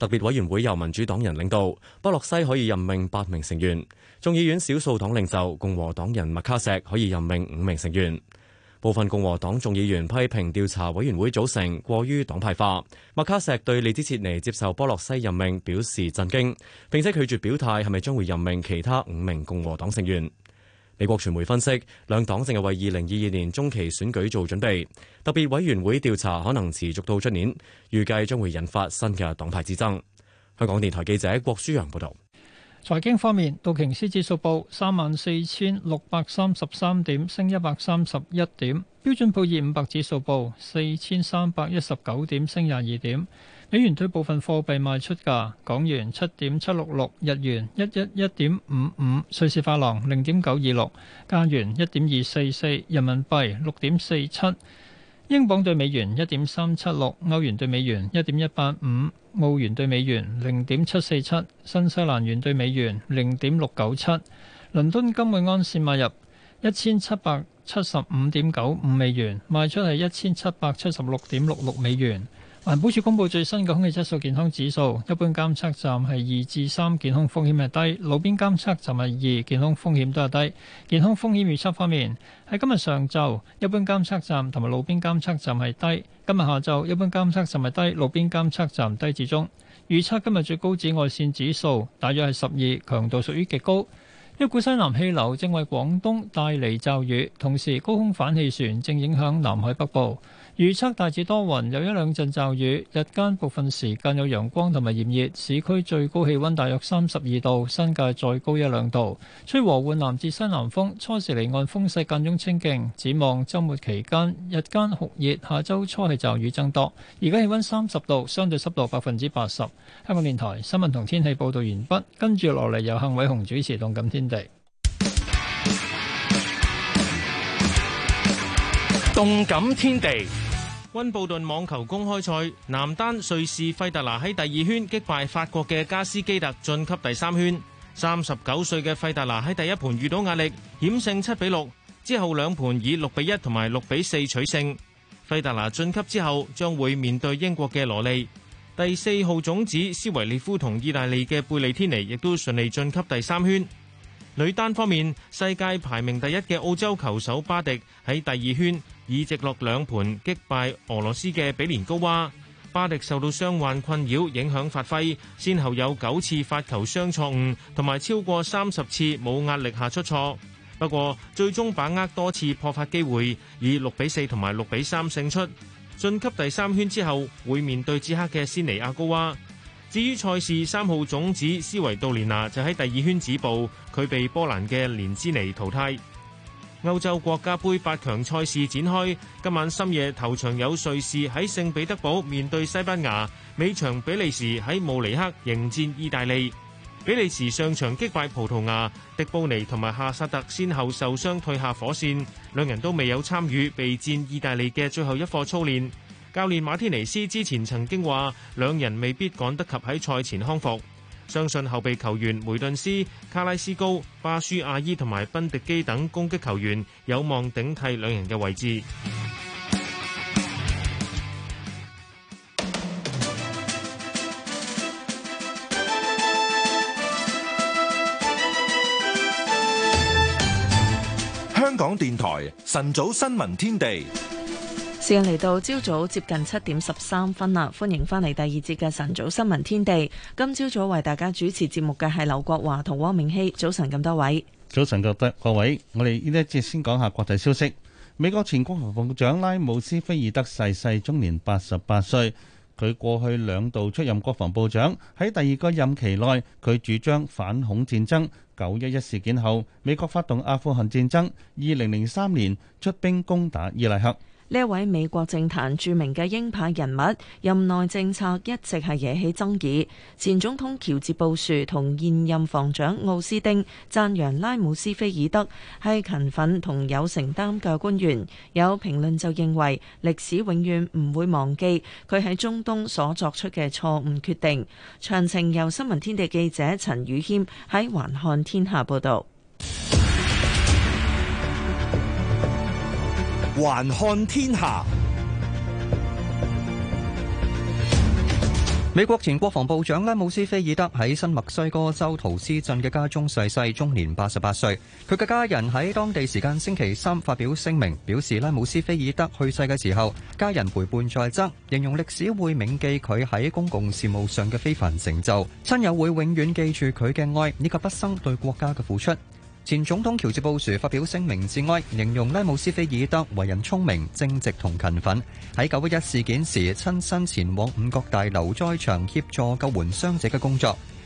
特別委員會由民主黨人領導，波洛西可以任命八名成員；眾議院少數黨領袖共和黨人麥卡錫可以任命五名成員。部分共和黨眾議員批評調查委員會組成過於黨派化。麥卡錫對利茲切尼接受波洛西任命表示震驚，並且拒絕表態係咪將會任命其他五名共和黨成員。美國傳媒分析，兩黨正係為二零二二年中期選舉做準備。特別委員會調查可能持續到出年，預計將會引發新嘅黨派之爭。香港電台記者郭書揚報道。財經方面，道瓊斯指數報三萬四千六百三十三點，升一百三十一點；標準普爾五百指數報四千三百一十九點，升廿二點。美元對部分貨幣賣出價：港元七點七六六，日元一一一點五五，瑞士法郎零點九二六，加元一點二四四，人民幣六點四七。英鎊兌美元一點三七六，歐元兌美元一點一八五，澳元兌美元零點七四七，新西蘭元兌美元零點六九七。倫敦金匯安線買入一千七百七十五點九五美元，賣出係一千七百七十六點六六美元。環保署公布最新嘅空氣質素健康指數，一般監測站係二至三，健康風險係低；路邊監測站係二，健康風險都係低。健康風險預測方面，喺今日上晝，一般監測站同埋路邊監測站係低；今日下晝，一般監測站係低，路邊監測站低至中。預測今日最高紫外線指數大約係十二，強度屬於極高。一股西南氣流正為廣東帶嚟驟雨，同時高空反氣旋正影響南海北部。預測大致多雲，有一兩陣驟雨，日間部分時間有陽光同埋炎熱，市區最高氣溫大約三十二度，新界再高一兩度，吹和緩南至西南風，初時離岸風勢間中清勁，展望週末期間日間酷熱，下週初係驟雨增多，而家氣溫三十度，相對濕度百分之八十。香港電台新聞同天氣報道完畢，跟住落嚟由幸偉雄主持《動感天地》，《動感天地》。溫布頓網球公開賽男單瑞士費達拿喺第二圈擊敗法國嘅加斯基特晉級第三圈。三十九歲嘅費達拿喺第一盤遇到壓力險勝七比六，之後兩盤以六比一同埋六比四取勝。費達拿晉級之後將會面對英國嘅羅利。第四號種子斯維列夫同意大利嘅貝利天尼亦都順利晉級第三圈。女單方面，世界排名第一嘅澳洲球手巴迪喺第二圈。以直落兩盤擊敗俄羅斯嘅比連高娃，巴迪受到傷患困擾，影響發揮，先後有九次發球雙錯誤，同埋超過三十次冇壓力下出錯。不過最終把握多次破發機會，以六比四同埋六比三勝出，晉級第三圈之後會面對捷克嘅斯尼亞高娃。至於賽事三號種子斯維杜蓮娜就喺第二圈止步，佢被波蘭嘅蓮茲尼淘汰。歐洲國家杯八強賽事展開，今晚深夜頭場有瑞士喺聖彼得堡面對西班牙，尾場比利時喺慕尼黑迎戰意大利。比利時上場擊敗葡萄牙，迪布尼同埋夏薩特先後受傷退下火線，兩人都未有參與備戰意大利嘅最後一課操練。教練馬天尼斯之前曾經話，兩人未必趕得及喺賽前康復。相信後備球員梅頓斯、卡拉斯高、巴舒亞伊同埋賓迪基等攻擊球員有望頂替兩人嘅位置。香港電台晨早新聞天地。時間嚟到朝早接近七點十三分啦，歡迎翻嚟第二節嘅晨早新聞天地。今朝早為大家主持節目嘅係劉國華同汪明熙。早晨，咁多位早晨，各位各位，我哋呢一節先講下國際消息。美國前國防部長拉姆斯菲爾德逝世，終年八十八歲。佢過去兩度出任國防部長，喺第二個任期內，佢主張反恐戰爭。九一一事件後，美國發動阿富汗戰爭，二零零三年出兵攻打伊拉克。呢位美國政壇著名嘅鷹派人物，任內政策一直係惹起爭議。前總統喬治布殊同現任防長奧斯丁讚揚拉姆斯菲爾德係勤奮同有承擔嘅官員。有評論就認為歷史永遠唔會忘記佢喺中東所作出嘅錯誤決定。詳情由新聞天地記者陳宇謙喺橫看天下報導。還看天下。美國前國防部長拉姆斯菲爾德喺新墨西哥州圖斯鎮嘅家中逝世，終年八十八歲。佢嘅家人喺當地時間星期三發表聲明，表示拉姆斯菲爾德去世嘅時候，家人陪伴在側，形容歷史會銘記佢喺公共事務上嘅非凡成就，親友會永遠記住佢嘅愛以及畢生對國家嘅付出。前總統喬治布殊發表聲明致哀，形容拉姆斯菲爾德為人聰明、正直同勤奮。喺九一一事件時，親身前往五角大樓災場協助救援傷者嘅工作。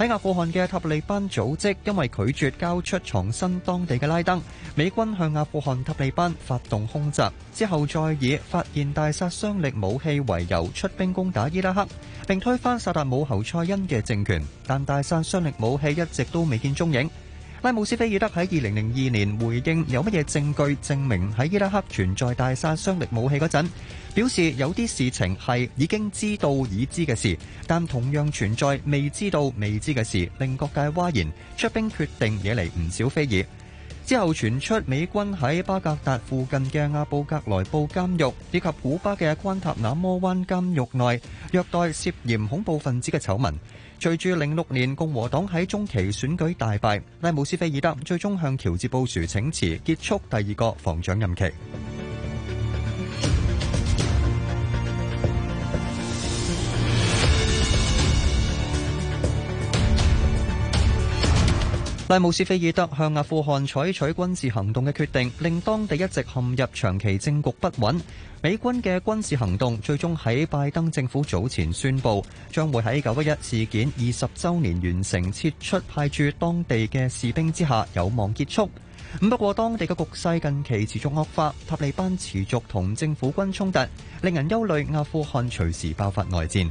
喺阿富汗嘅塔利班組織因為拒絕交出藏身當地嘅拉登，美軍向阿富汗塔利班發動空襲，之後再以發現大殺傷力武器為由出兵攻打伊拉克，並推翻薩達姆侯賽因嘅政權，但大殺傷力武器一直都未見蹤影。拉姆斯菲爾德喺2002年回應有乜嘢證據證明喺伊拉克存在大殺傷力武器嗰陣，表示有啲事情係已經知道已知嘅事，但同樣存在未知道未知嘅事，令各界譁然。出兵決定惹嚟唔少非議。之後傳出美軍喺巴格達附近嘅阿布格萊布監獄以及古巴嘅關塔那摩灣監獄內虐待涉嫌恐怖分子嘅醜聞。隨住零六年共和黨喺中期選舉大敗，拉姆斯菲爾德最終向喬治布殊請辭，結束第二個防長任期。拉姆斯菲爾德向阿富汗採取軍事行動嘅決定，令當地一直陷入長期政局不穩。美軍嘅軍事行動最終喺拜登政府早前宣布，將會喺九一一事件二十週年完成撤出派駐當地嘅士兵之下，有望結束。不過當地嘅局勢近期持續惡化，塔利班持續同政府軍衝突，令人憂慮阿富汗隨時爆發內戰。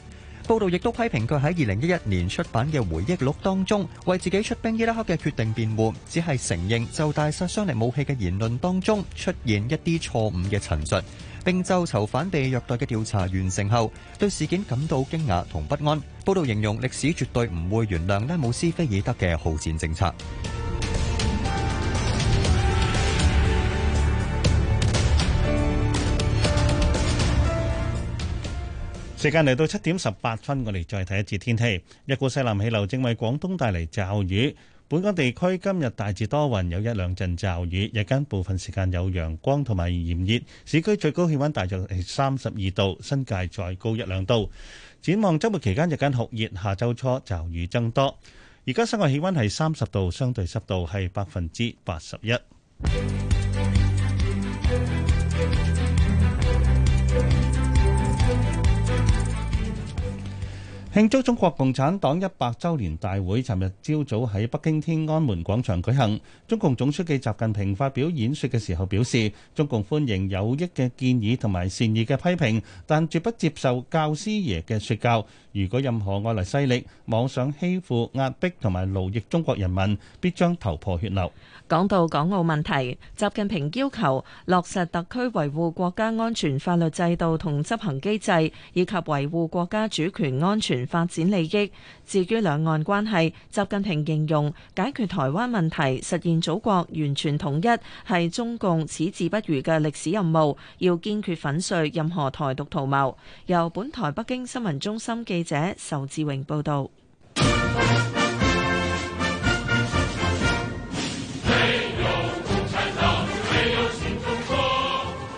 報道亦都批評佢喺二零一一年出版嘅回憶錄當中，為自己出兵伊拉克嘅決定辯護，只係承認就大殺傷力武器嘅言論當中出現一啲錯誤嘅陳述，並就囚犯被虐待嘅調查完成後，對事件感到驚訝同不安。報道形容歷史絕對唔會原諒拉姆斯菲爾德嘅好戰政策。時間嚟到七點十八分，我哋再睇一次天氣。一股西南氣流正為廣東帶嚟驟雨，本港地區今日大致多雲，有一兩陣驟雨。日間部分時間有陽光，同埋炎熱。市區最高氣温大約係三十二度，新界再高一兩度。展望周末期間日間酷熱，下周初驟雨增多。而家室外氣温係三十度，相對濕度係百分之八十一。慶祝中國共產黨一百周年大會尋日朝早喺北京天安門廣場舉行。中共總書記習近平發表演說嘅時候表示，中共歡迎有益嘅建議同埋善意嘅批評，但絕不接受教師爺嘅說教。如果任何外來勢力妄想欺負、壓迫同埋奴役中國人民，必將頭破血流。講到港澳問題，習近平要求落實特區維護國家安全法律制度同執行機制，以及維護國家主權安全發展利益。至於兩岸關係，習近平形容解決台灣問題、實現祖國完全統一係中共矢志不渝嘅歷史任務，要堅決粉碎任何台獨圖謀。由本台北京新聞中心記者仇志榮報導。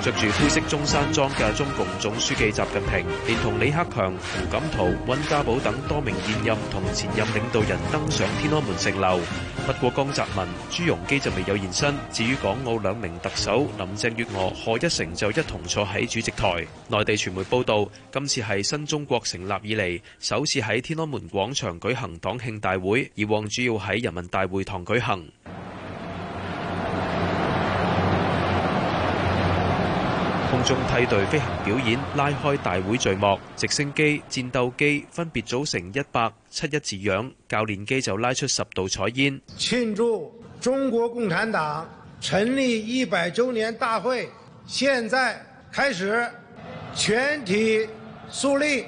着住灰色中山裝嘅中共總書記習近平，連同李克強、胡錦濤、溫家寶等多名現任同前任領導人登上天安門城樓。不過，江澤民、朱鎔基就未有現身，至於港澳兩名特首、林鄭月娥、何一成就一同坐喺主席台。內地傳媒報道，今次係新中國成立以嚟，首次喺天安門廣場舉行黨慶大會，以往主要喺人民大會堂舉行。空中梯隊飛行表演拉開大會序幕，直升機、戰鬥機分別組成一百七一字樣，教練機就拉出十道彩煙，慶祝中國共產黨成立一百周年大會，現在開始，全體肅立，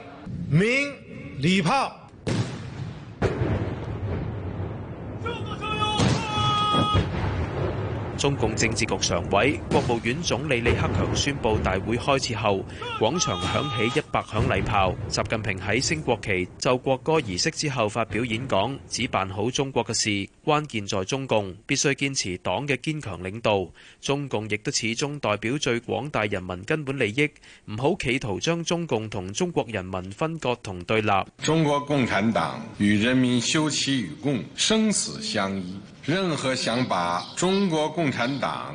鳴禮炮。中共政治局常委、國務院總理李克強宣佈大會開始後，廣場響起一百響禮炮。習近平喺升國旗、奏國歌儀式之後發表演講，只辦好中國嘅事，關鍵在中共，必須堅持黨嘅堅強領導，中共亦都始終代表最廣大人民根本利益，唔好企圖將中共同中國人民分割同對立。中國共產黨與人民休戚與共，生死相依。任何想把中國共產黨，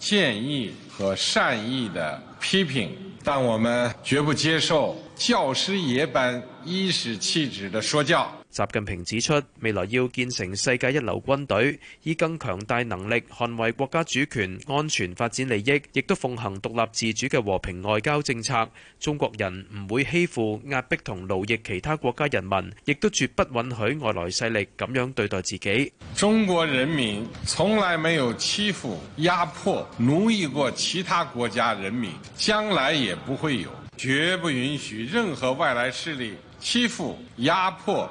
建議和善意的批評，但我們絕不接受教師爺般頤指氣使的說教。習近平指出，未來要建成世界一流軍隊，以更強大能力捍衛國家主權、安全、發展利益，亦都奉行獨立自主嘅和平外交政策。中國人唔會欺負、壓迫同奴役其他國家人民，亦都絕不允許外來勢力咁樣對待自己。中國人民從來沒有欺負、壓迫、奴役過其他國家人民，將來也不會有，絕不允許任何外來勢力欺負、壓迫。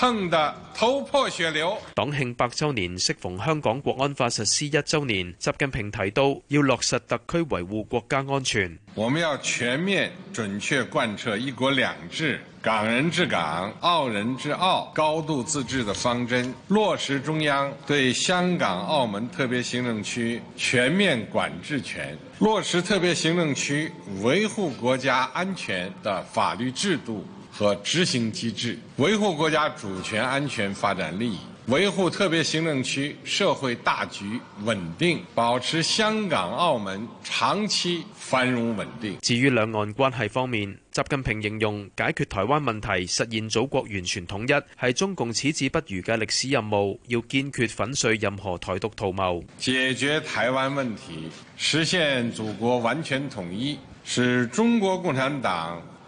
碰得頭破血流。黨慶百周年，適逢香港國安法實施一周年，習近平提到要落實特區維護國家安全。我們要全面準確貫徹“一國兩制”、“港人治港”、“澳人治澳”、高度自治的方針，落實中央對香港、澳門特別行政區全面管制權，落實特別行政區維護國家安全的法律制度。和執行機制，維護國家主權、安全、發展利益，維護特別行政區社會大局穩定，保持香港、澳門長期繁榮穩定。至於兩岸關係方面，習近平形容解決台灣問題、實現祖國完全統一，係中共矢志不渝嘅歷史任務，要堅決粉碎任何台獨圖謀。解決台灣問題，實現祖國完全統一，是中國共產黨。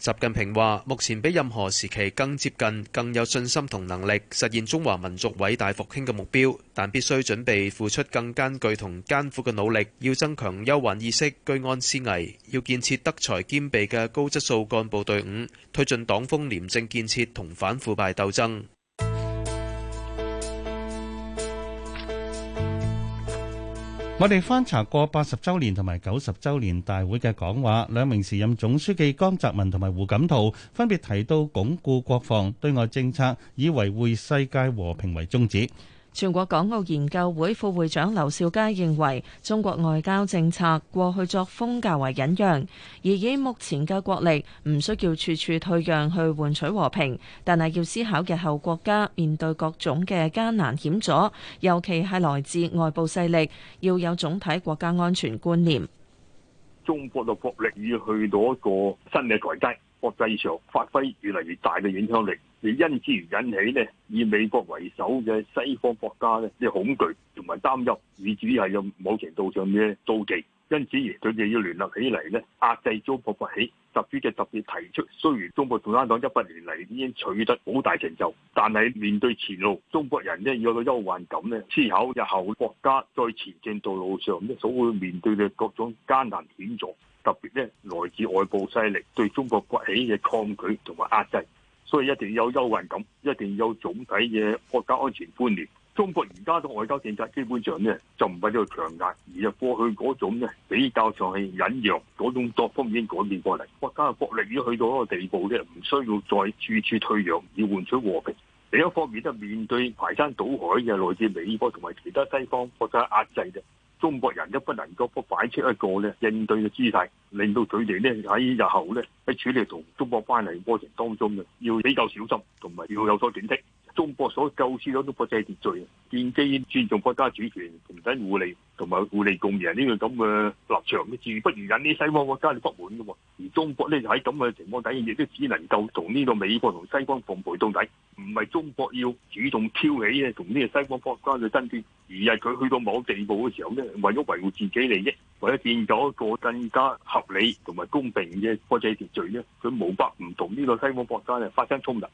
習近平話目前比任何時期更接近、更有信心同能力實現中華民族偉大復興嘅目標，但必須準備付出更艱巨同艱苦嘅努力。要增強憂患意識，居安思危；要建設德才兼備嘅高質素幹部隊伍，推進黨風廉政建設同反腐敗鬥爭。我哋翻查過八十周年同埋九十周年大會嘅講話，兩名時任總書記江澤民同埋胡錦濤分別提到鞏固國防、對外政策，以維護世界和平為宗旨。全國港澳研究會副會長劉少佳認為，中國外交政策過去作風較為忍讓，而以目前嘅國力，唔需要處處退讓去換取和平。但係要思考日後國家面對各種嘅艱難險阻，尤其係來自外部勢力，要有總體國家安全觀念。中國嘅國力已去到一個新嘅台階。國際上發揮越來越大嘅影響力，亦因此而引起呢以美國為首嘅西方國家咧啲恐懼同埋擔憂，以至係有某程度上嘅妒忌。因此而佢哋要聯合起嚟呢壓制中國崛起。習主席特別提出，雖然中國共產黨一百年嚟已經取得好大成就，但係面對前路，中國人呢要有個憂患感咧，思考日後國家在前進道路上呢所會面對嘅各種艱難險阻。特別咧，來自外部勢力對中國崛起嘅抗拒同埋壓制，所以一定要有憂患感，一定要有總體嘅國家安全觀念。中國而家嘅外交政策基本上咧，就唔係喺強壓，而係過去嗰種咧比較上係忍讓嗰種作風已經改變過嚟。國家嘅國力已經去到一個地步咧，唔需要再處處退讓，要換取和平。另一方面，都面對排山倒海嘅來自美國同埋其他西方國家壓制。中國人都不能夠不擺出一個應對嘅姿態，令到佢哋喺日後喺處理同中國關係嘅過程當中要比較小心，同埋要有所警惕。中國所構思咗種國際秩序，建基尊重國家主權、同等互利同埋互利共贏呢個咁嘅立場，自不如引啲西方國家嚟不滿嘅。而中國呢，就喺咁嘅情況底下，亦都只能夠同呢個美國同西方奉陪到底，唔係中國要主動挑起咧同呢個西方國家嘅爭端，而係佢去到某地步嘅時候咧，為咗維護自己利益，為咗建咗一個更加合理同埋公平嘅國際秩序咧，佢無法唔同呢個西方國家嚟發生衝突。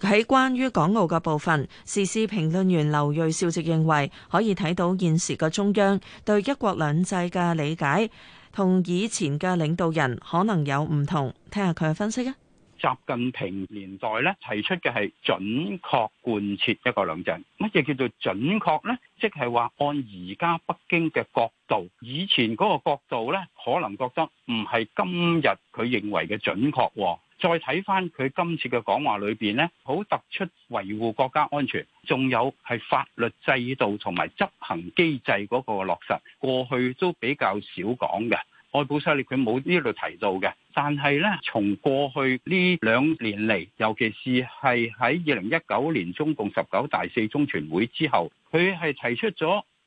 喺關於港澳嘅部分，時事評論員劉銳紹就認為可以睇到現時嘅中央對一國兩制嘅理解同以前嘅領導人可能有唔同。聽下佢嘅分析啊！習近平年代咧提出嘅係準確貫徹一國兩制。乜嘢叫做準確咧？即係話按而家北京嘅角度，以前嗰個角度咧，可能覺得唔係今日佢認為嘅準確喎。再睇翻佢今次嘅講話裏面，咧，好突出維護國家安全，仲有係法律制度同埋執行機制嗰個落實，過去都比較少講嘅。外部勢力佢冇呢度提到嘅，但係咧，從過去呢兩年嚟，尤其是係喺二零一九年中共十九大四中全會之後，佢係提出咗。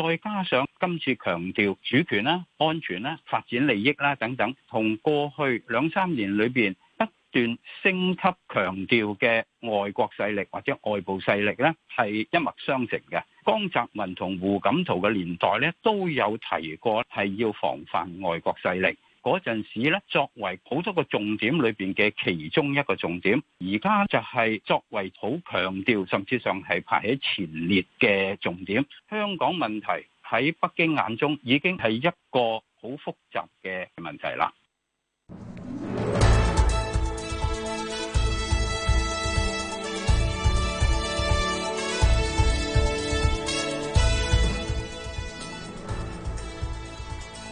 再加上今次強調主權啦、安全啦、發展利益啦等等，同過去兩三年裏面不斷升級強調嘅外國勢力或者外部勢力咧，係一脈相承嘅。江澤民同胡錦濤嘅年代咧，都有提過係要防範外國勢力。嗰陣時咧，作為好多個重點裏邊嘅其中一個重點，而家就係作為好強調，甚至上係排喺前列嘅重點。香港問題喺北京眼中已經係一個好複雜嘅問題啦。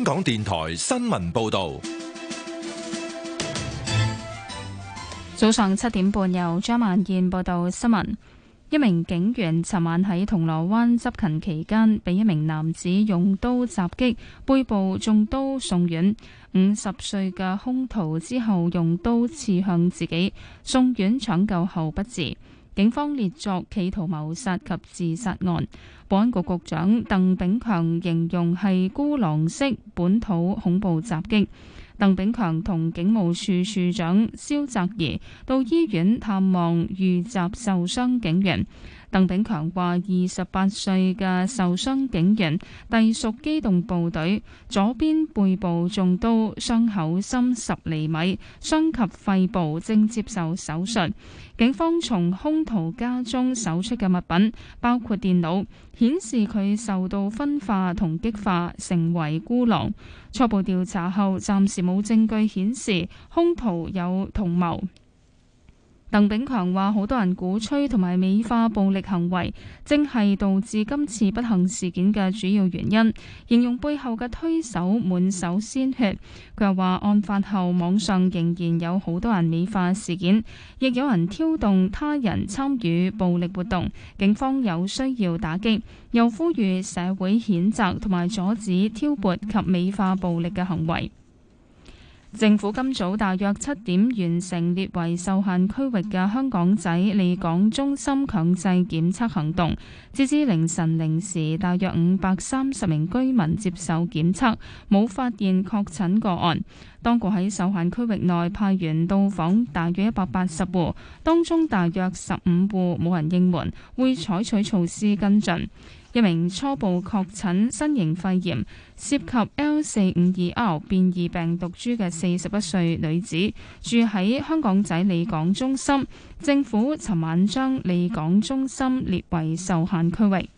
香港電台新聞報道：早上七點半，由張萬燕報道新聞。一名警員尋晚喺銅鑼灣執勤期間，被一名男子用刀襲擊，背部中刀送院。五十歲嘅凶徒之後用刀刺向自己，送院搶救後不治。警方列作企圖謀殺及自殺案，保安局局長鄧炳強形容係孤狼式本土恐怖襲擊。鄧炳強同警務處處長蕭澤頤到醫院探望遇襲受傷警員。鄧炳強話：二十八歲嘅受傷警員隸屬機動部隊，左邊背部中刀，傷口深十厘米，傷及肺部，正接受手術。警方從凶徒家中搜出嘅物品包括電腦，顯示佢受到分化同激化，成為孤狼。初步調查後，暫時冇證據顯示凶徒有同謀。鄧炳強話：好多人鼓吹同埋美化暴力行為，正係導致今次不幸事件嘅主要原因。形容背後嘅推手滿手鮮血。佢又話案發後網上仍然有好多人美化事件，亦有人挑動他人參與暴力活動。警方有需要打擊，又呼籲社會譴責同埋阻止挑撥及美化暴力嘅行為。政府今早大約七點完成列為受限區域嘅香港仔利港中心強制檢測行動。截至凌晨零時，大約五百三十名居民接受檢測，冇發現確診個案。當局喺受限區域內派員到訪大約一百八十戶，當中大約十五戶冇人應門，會採取措施跟進。一名初步確診新型肺炎涉及 L 四五二 R 變異病毒株嘅四十一歲女子，住喺香港仔利港中心。政府尋晚將利港中心列為受限區域。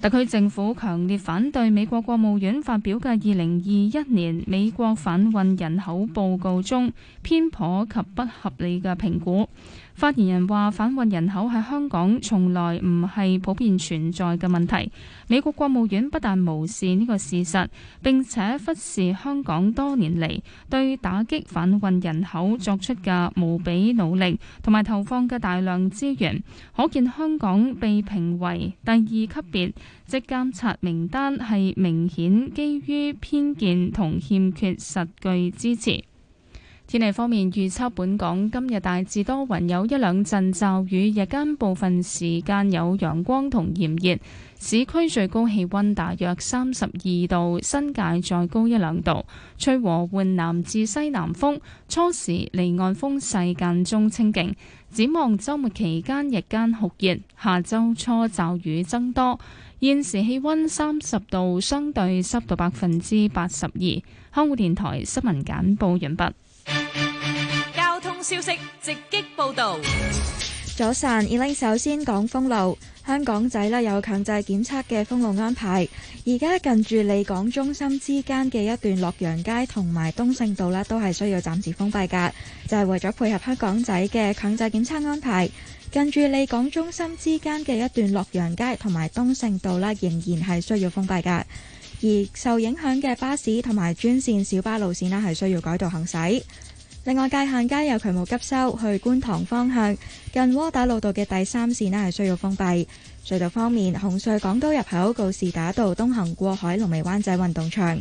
特區政府強烈反對美國國務院發表嘅二零二一年美國販運人口報告中偏頗及不合理嘅評估。發言人話：販運人口喺香港從來唔係普遍存在嘅問題。美國國務院不但無視呢個事實，並且忽視香港多年嚟對打擊販運人口作出嘅無比努力同埋投放嘅大量資源。可見香港被評為第二級別，即監察名單係明顯基於偏見同欠缺實據支持。天氣方面，預測本港今日大致多雲，有一兩陣驟雨，日間部分時間有陽光同炎熱。市區最高氣温大約三十二度，新界再高一兩度。吹和緩南至西南風，初時離岸風勢間中清勁。展望周末期間日間酷熱，下周初驟雨增多。現時氣温三十度，相對濕度百分之八十二。香港電台新聞簡報完畢。交通消息直擊報道。早晨，Eileen 首先講封路。香港仔有強制檢測嘅封路安排。而家近住利港中心之間嘅一段洛陽街同埋東勝道都係需要暫時封閉噶。就係、是、為咗配合香港仔嘅強制檢測安排，近住利港中心之間嘅一段洛陽街同埋東勝道仍然係需要封閉噶。而受影響嘅巴士同埋專線小巴路線呢係需要改道行駛。另外，界限街有渠務急收去觀塘方向，近窩打路道嘅第三線呢係需要封閉。隧道方面，紅隧港島入口告士打道東行過海，龍尾灣仔運動場；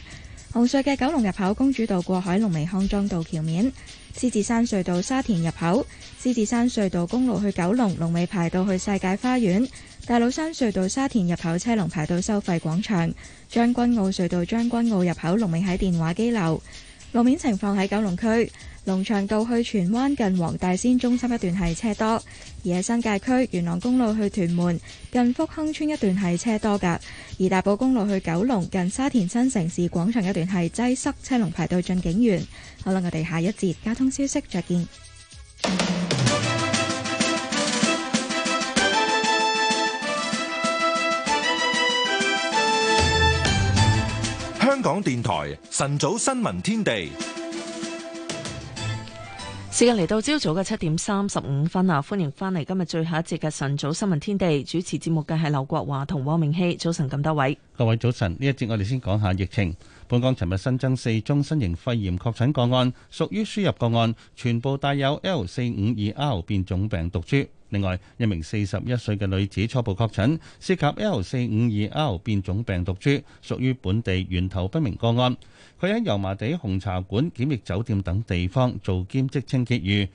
紅隧嘅九龍入口公主道過海，龍尾康莊道橋面；獅子山隧道沙田入口，獅子山隧道公路去九龍，龍尾排到去世界花園。大老山隧道沙田入口車龍排到收費廣場，將軍澳隧道將軍澳入口龍尾喺電話機樓。路面情況喺九龍區，龍翔道去荃灣近黃大仙中心一段係車多；而喺新界區，元朗公路去屯門近福亨村一段係車多噶而大埔公路去九龍近沙田新城市廣場一段係擠塞，塞，車龍排到駿景園。好啦，我哋下一節交通消息再見。香港電台晨早新聞天地，時間嚟到朝早嘅七點三十五分啊！歡迎翻嚟，今日最後一節嘅晨早新聞天地，主持節目嘅係劉國華同汪明熙。早晨，咁多位，各位早晨。呢一節我哋先講下疫情。本港尋日新增四宗新型肺炎確診個案，屬於輸入個案，全部帶有 L 四五二 R 變種病毒株。另外，一名四十一歲嘅女子初步確診，涉及 L 四五二 R 變種病毒株，屬於本地源頭不明個案。佢喺油麻地紅茶館、檢疫酒店等地方做兼職清潔員。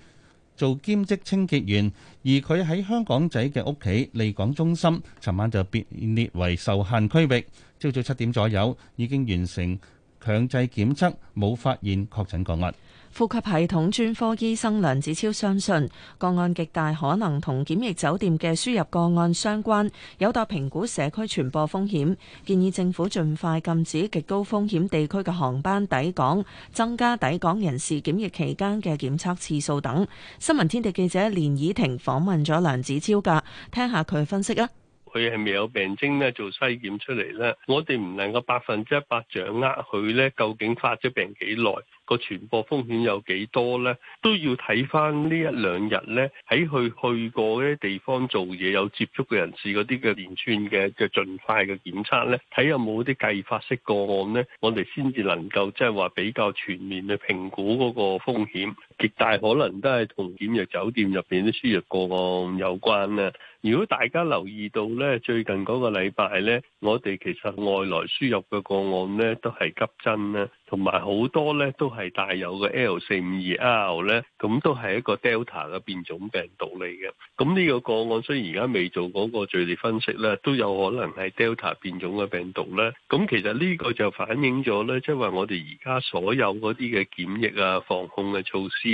做兼職清潔員，而佢喺香港仔嘅屋企利港中心，尋晚就被列為受限區域。朝早七點左右已經完成強制檢測，冇發現確診個案。呼吸系統專科醫生梁子超相信個案極大可能同檢疫酒店嘅輸入個案相關，有待評估社區傳播風險，建議政府盡快禁止極高風險地區嘅航班抵港，增加抵港人士檢疫期間嘅檢測次數等。新聞天地記者連倚婷訪問咗梁子超噶，聽下佢分析啊。佢係未有病徵咧，做篩檢出嚟咧，我哋唔能夠百分之一百掌握佢咧，究竟發咗病幾耐？個傳播風險有幾多呢？都要睇翻呢一兩日呢，喺佢去去過啲地方做嘢有接觸嘅人士嗰啲嘅連串嘅嘅盡快嘅檢測呢，睇有冇啲繼發式個案呢。我哋先至能夠即係話比較全面去評估嗰個風險。極大可能都係同檢疫酒店入邊啲輸入個案有關啦。如果大家留意到咧，最近嗰個禮拜咧，我哋其實外來輸入嘅個案咧都係急增啦，同埋好多咧都係帶有個 L 四五二 R 咧，咁都係一個 Delta 嘅變種病毒嚟嘅。咁呢個個案雖然而家未做嗰個序列分析咧，都有可能係 Delta 變種嘅病毒咧。咁其實呢個就反映咗咧，即係話我哋而家所有嗰啲嘅檢疫啊、防控嘅措施。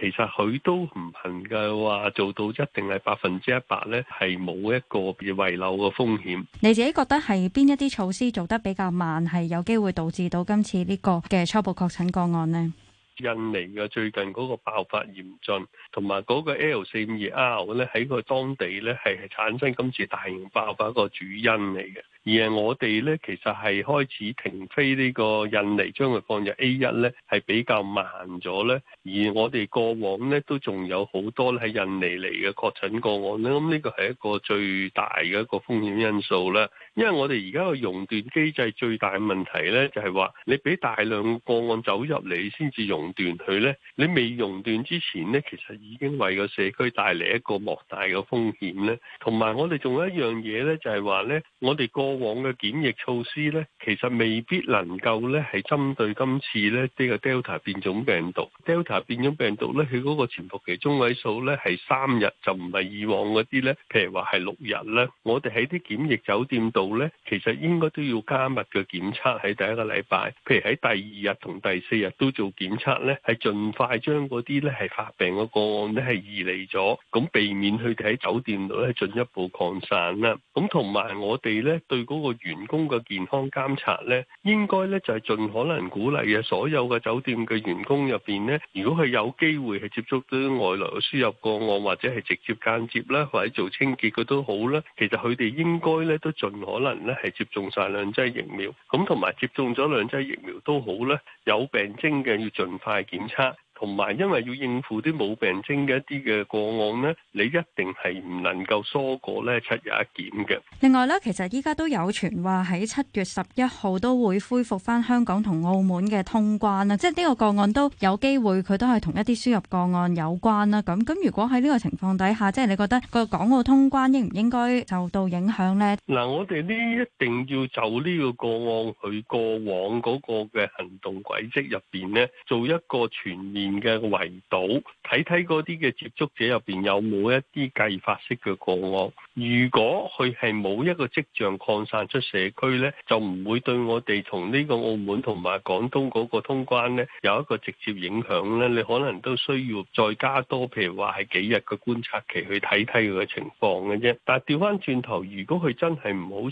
其實佢都唔能夠話做到一定係百分之一百咧，係冇一個別遺漏嘅風險。你自己覺得係邊一啲措施做得比較慢，係有機會導致到今次呢個嘅初步確診個案呢？印尼嘅最近嗰個爆發嚴峻，同埋嗰個 L 四五二 R 咧喺個當地咧係產生今次大型爆發的一個主因嚟嘅。而係我哋呢，其實係開始停飛呢個印尼，將佢放入 A 一呢，係比較慢咗呢。而我哋過往呢，都仲有好多咧喺印尼嚟嘅確診個案呢。咁呢個係一個最大嘅一個風險因素啦。因為我哋而家嘅熔斷機制最大問題呢，就係話你俾大量個案走入嚟先至熔斷佢呢。你未熔斷之前呢，其實已經為個社區帶嚟一個莫大嘅風險呢。同埋我哋仲有一樣嘢呢，就係話呢，我哋過過往嘅檢疫措施咧，其實未必能夠咧係針對今次咧呢個 Delta 變種病毒。Delta 變種病毒咧，佢嗰個潛伏期中位數咧係三日，就唔係以往嗰啲咧，譬如話係六日咧。我哋喺啲檢疫酒店度咧，其實應該都要加密嘅檢測喺第一個禮拜，譬如喺第二日同第四日都做檢測咧，係盡快將嗰啲咧係發病嗰個案咧係移離咗，咁避免佢哋喺酒店度咧進一步擴散啦。咁同埋我哋咧對。嗰個員工嘅健康監察呢應該呢就係盡可能鼓勵嘅所有嘅酒店嘅員工入邊呢，如果係有機會係接觸到外來嘅輸入個案，或者係直接間接呢，或者做清潔佢都好啦。其實佢哋應該呢都盡可能呢係接種晒兩劑疫苗，咁同埋接種咗兩劑疫苗都好咧。有病徵嘅要盡快檢測。同埋，因為要應付啲冇病徵嘅一啲嘅個案呢你一定係唔能夠疏過呢七日一檢嘅。另外呢其實依家都有傳話喺七月十一號都會恢復翻香港同澳門嘅通關啦，即係呢個個案都有機會佢都係同一啲輸入個案有關啦。咁咁，如果喺呢個情況底下，即係你覺得個港澳通關應唔應該受到影響呢？嗱，我哋呢一定要就呢個個案去過往嗰個嘅行動軌跡入面呢，做一個全面。嘅圍堵，睇睇嗰啲嘅接觸者入邊有冇一啲繼發式嘅個案。如果佢係冇一個跡象擴散出社區咧，就唔會對我哋同呢個澳門同埋廣東嗰個通關咧有一個直接影響咧。你可能都需要再加多，譬如話係幾日嘅觀察期去睇睇佢嘅情況嘅啫。但係調翻轉頭，如果佢真係唔好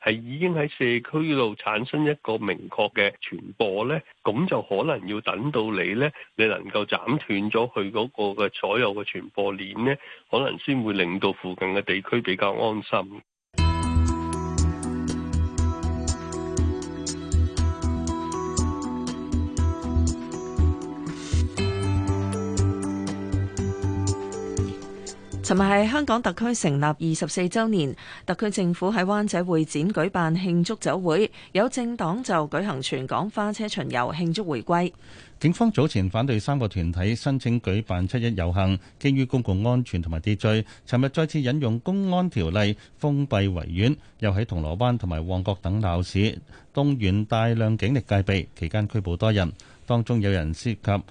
彩，係已經喺社區度產生一個明確嘅傳播咧，咁就可能要等到你咧，你能夠斬斷咗佢嗰個嘅所有嘅傳播鏈咧，可能先會令到附近嘅地區。比較安心。尋日係香港特區成立二十四週年，特區政府喺灣仔會展舉辦慶祝酒會，有政黨就舉行全港花車巡遊慶祝回歸。警方早前反對三個團體申請舉辦七一遊行，基於公共安全同埋秩序，尋日再次引用公安條例封閉維園，又喺銅鑼灣同埋旺角等鬧市動員大量警力戒備，期間拘捕多人，當中有人涉及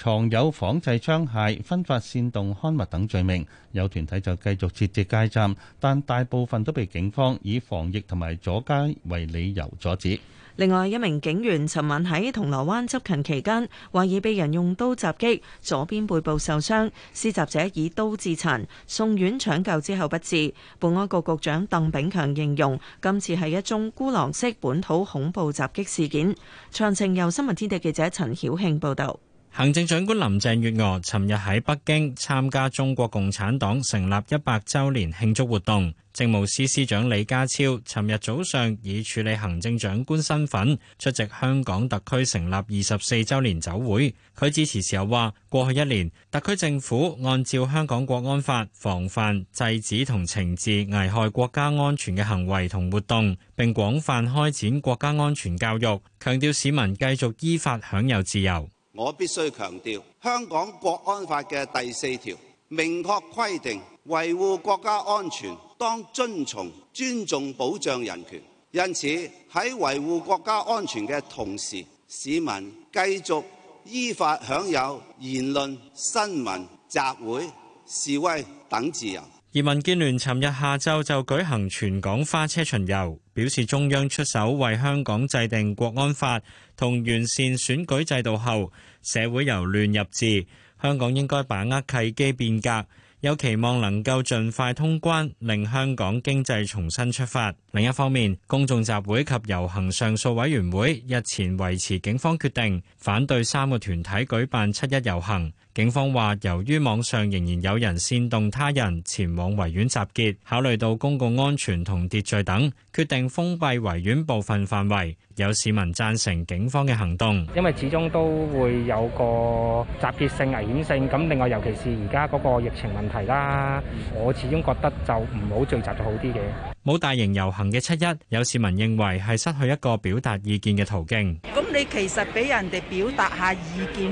藏有仿製槍械、分發煽動刊物等罪名，有團體就繼續設置街站，但大部分都被警方以防疫同埋阻街為理由阻止。另外，一名警員尋晚喺銅鑼灣執勤期間，懷疑被人用刀襲擊，左邊背部受傷，施襲者以刀自殘，送院搶救之後不治。保安局局長鄧炳強形容今次係一宗孤狼式本土恐怖襲擊事件。詳情由新聞天地記者陳曉慶報道。行政長官林鄭月娥尋日喺北京參加中國共產黨成立一百周年慶祝活動。政務司司長李家超尋日早上以處理行政長官身份出席香港特區成立二十四周年酒會。佢致辭時候話：過去一年，特區政府按照香港國安法防範、制止同懲治危害國家安全嘅行為同活動，並廣泛開展國家安全教育，強調市民繼續依法享有自由。我必須強調，香港國安法嘅第四條明確規定，維護國家安全，當遵從尊重保障人權。因此，喺維護國家安全嘅同時，市民繼續依法享有言論、新聞、集會、示威等自由。而民建聯尋日下晝就舉行全港花車巡遊，表示中央出手為香港制定國安法，同完善選舉制度後，社會由亂入治，香港應該把握契機變革，有期望能夠盡快通關，令香港經濟重新出發。另一方面，公眾集會及遊行上訴委員會日前維持警方決定，反對三個團體舉辦七一遊行。警方話，由於網上仍然有人煽動他人前往維園集結，考慮到公共安全同秩序等，決定封閉維園部分範圍。有市民贊成警方嘅行動，因為始終都會有個集結性危險性。咁另外，尤其是而家嗰個疫情問題啦，我始終覺得就唔好聚集就好啲嘅。冇大型遊行嘅七一，有市民認為係失去一個表達意見嘅途徑。咁你其實俾人哋表達下意見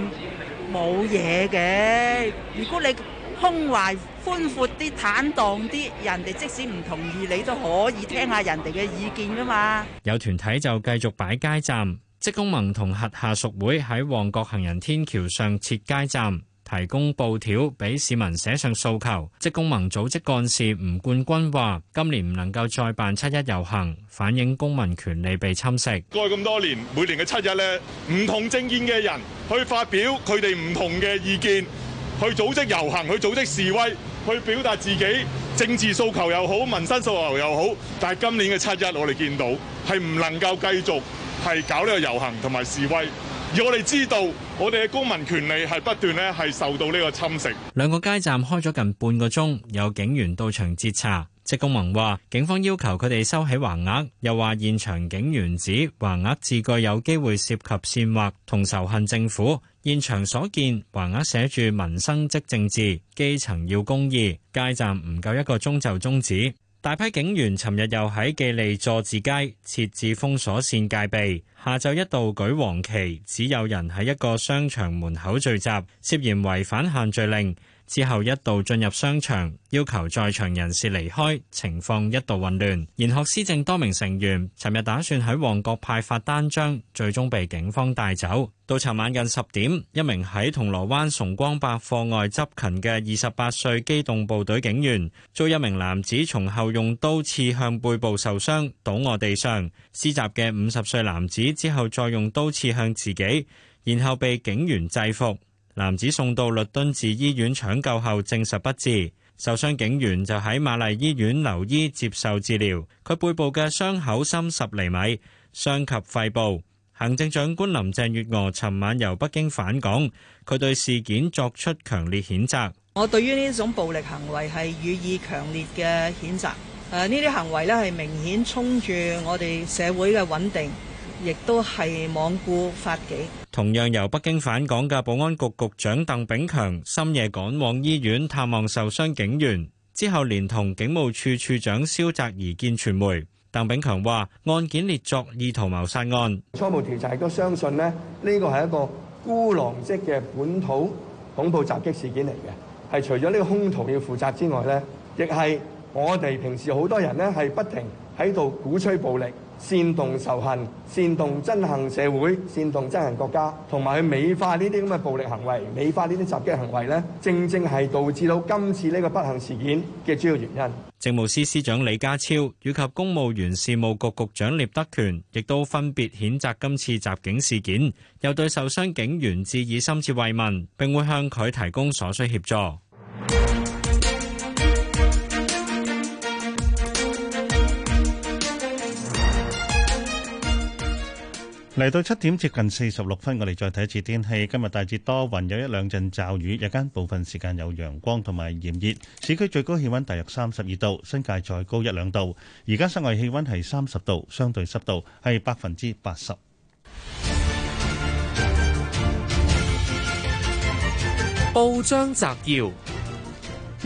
冇嘢嘅，如果你胸懷寬闊啲、坦蕩啲，人哋即使唔同意，你都可以聽下人哋嘅意見㗎嘛。有團體就繼續擺街站，職工盟同轄下屬會喺旺角行人天橋上設街站。提供布條俾市民寫上訴求，職工盟組織幹事吳冠軍話：今年唔能夠再辦七一遊行，反映公民權利被侵蝕。過去咁多年，每年嘅七日呢，唔同政見嘅人去發表佢哋唔同嘅意見，去組織遊行，去組織示威，去表達自己政治訴求又好、民生訴求又好。但今年嘅七一，我哋見到係唔能夠繼續係搞呢個遊行同埋示威，而我哋知道。我哋嘅公民權利係不斷呢係受到呢個侵蝕。兩個街站開咗近半個鐘，有警員到場截查。職工盟話，警方要求佢哋收起橫額，又話現場警員指橫額字句有機會涉及煽惑同仇恨政府。現場所見橫額寫住民生即政治，基層要公義，街站唔夠一個鐘就終止。大批警員尋日又喺記利佐治街設置封鎖線戒備，下晝一度舉黃旗，指有人喺一個商場門口聚集，涉嫌違反限聚令。之後一度進入商場，要求在場人士離開，情況一度混亂。賢學思政多名成員尋日打算喺旺角派發單張，最終被警方帶走。到尋晚近十點，一名喺銅鑼灣崇光百貨外執勤嘅二十八歲機動部隊警員遭一名男子從後用刀刺向背部受傷倒臥地上，施襲嘅五十歲男子之後再用刀刺向自己，然後被警員制服。男子送到律敦治醫院搶救後證實不治，受傷警員就喺瑪麗醫院留醫接受治療，佢背部嘅傷口深十厘米，傷及肺部。行政長官林鄭月娥尋晚由北京返港，佢對事件作出強烈譴責。我對於呢種暴力行為係予以強烈嘅譴責。誒，呢啲行為呢係明顯衝住我哋社會嘅穩定。亦都係罔顧法紀。同樣由北京返港嘅保安局局長鄧炳強深夜趕往醫院探望受傷警員，之後連同警務處處長蕭澤頤見傳媒。鄧炳強話：案件列作意圖謀殺案。初步調查亦都相信咧，呢個係一個孤狼式嘅本土恐怖襲擊事件嚟嘅，係除咗呢個兇徒要負責之外咧，亦係我哋平時好多人咧係不停喺度鼓吹暴力。煽動仇恨、煽動憎恨社會、煽動憎恨國家，同埋去美化呢啲咁嘅暴力行為、美化呢啲襲擊行為咧，正正係導致到今次呢個不幸事件嘅主要原因。政務司司長李家超以及公務員事務局局長聶德權亦都分別譴責今次襲警事件，又對受傷警員致以深切慰問，並會向佢提供所需協助。嚟到七點接近四十六分，我哋再睇一次天氣。今日大致多雲，有一兩陣驟雨。日間部分時間有陽光同埋炎熱。市區最高氣溫大約三十二度，新界再高一兩度。而家室外氣溫係三十度，相對濕度係百分之八十。報章摘要。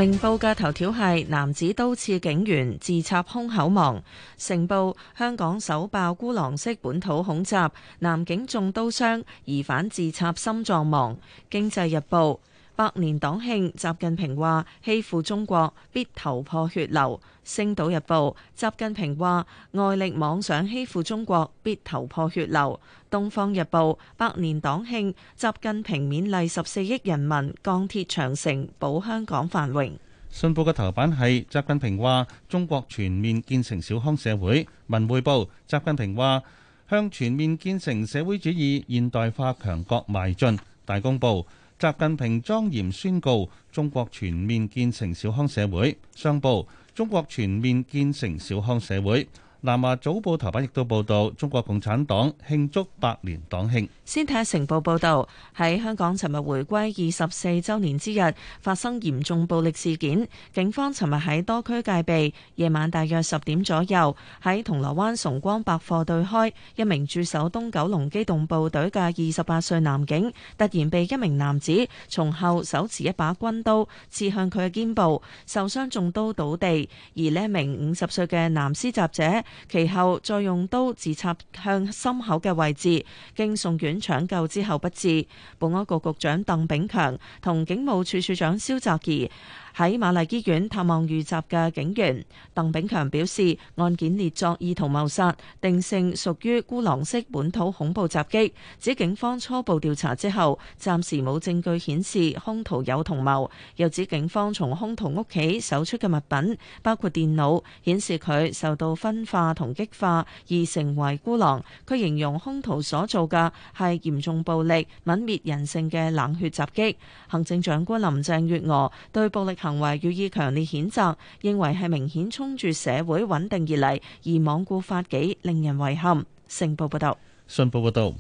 明報嘅頭條係男子刀刺警員自插胸口亡。成報，香港首爆孤狼式本土恐襲，男警中刀傷，疑犯自插心臟亡。經濟日報。百年黨慶，習近平話欺負中國必頭破血流。星島日報，習近平話外力妄想欺負中國必頭破血流。東方日報，百年黨慶，習近平勉勵十四億人民鋼鐵長城保香港繁榮。信報嘅頭版係習近平話中國全面建成小康社會。文匯報，習近平話向全面建成社會主義現代化強國邁進。大公報。習近平莊嚴宣告，中國全面建成小康社會。商報：中國全面建成小康社會。南華早報頭版亦都報道中國共產黨慶祝百年黨慶。先睇下《成報》報導，喺香港尋日回歸二十四週年之日，發生嚴重暴力事件。警方尋日喺多區戒備，夜晚大約十點左右，喺銅鑼灣崇光百貨對開，一名駐守東九龍機動部隊嘅二十八歲男警，突然被一名男子從後手持一把軍刀刺向佢嘅肩部，受傷中刀倒地。而呢名五十歲嘅男施襲者，其後再用刀自插向心口嘅位置，經送院。搶救之後不治，保安局局長鄧炳強同警務處處長蕭澤頤喺瑪麗醫院探望遇襲嘅警員，鄧炳強表示，案件列作意圖謀殺，定性屬於孤狼式本土恐怖襲擊。指警方初步調查之後，暫時冇證據顯示兇徒有同謀。又指警方從兇徒屋企搜出嘅物品，包括電腦，顯示佢受到分化同激化而成為孤狼。佢形容兇徒所做嘅係嚴重暴力、泯滅人性嘅冷血襲擊。行政長官林鄭月娥對暴力行。行為予以強烈譴責，認為係明顯衝住社會穩定而嚟，而罔顧法紀，令人遺憾。成報報道，信報報道，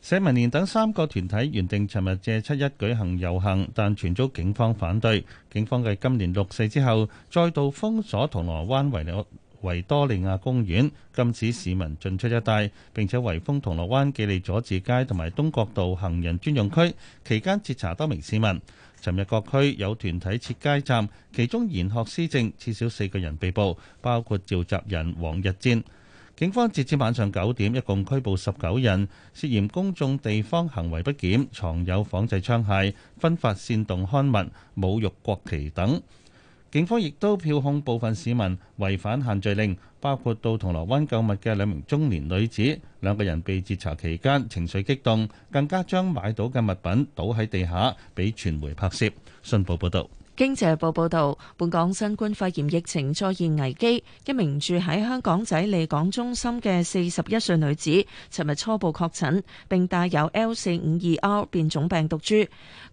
社民連等三個團體原定尋日借七一舉行遊行，但全遭警方反對。警方繼今年六四之後再度封鎖銅鑼灣圍維多利亞公園禁止市民進出一帶，並且圍封銅鑼灣紀利佐治街同埋東角道行人專用區。期間截查多名市民。尋日各區有團體設街站，其中賢學思政至少四個人被捕，包括召集人王逸戰。警方截至晚上九點，一共拘捕十九人，涉嫌公眾地方行為不檢、藏有仿製槍械、分發煽動刊物、侮辱國旗等。警方亦都票控部分市民違反限聚令，包括到銅鑼灣購物嘅兩名中年女子，兩個人被截查期間情緒激動，更加將買到嘅物品倒喺地下俾傳媒拍攝。信報報道。《經濟日報》報導，本港新冠肺炎疫情再現危機。一名住喺香港仔利港中心嘅四十一歲女子，尋日初步確診，並帶有 L 四五二 R 變種病毒株。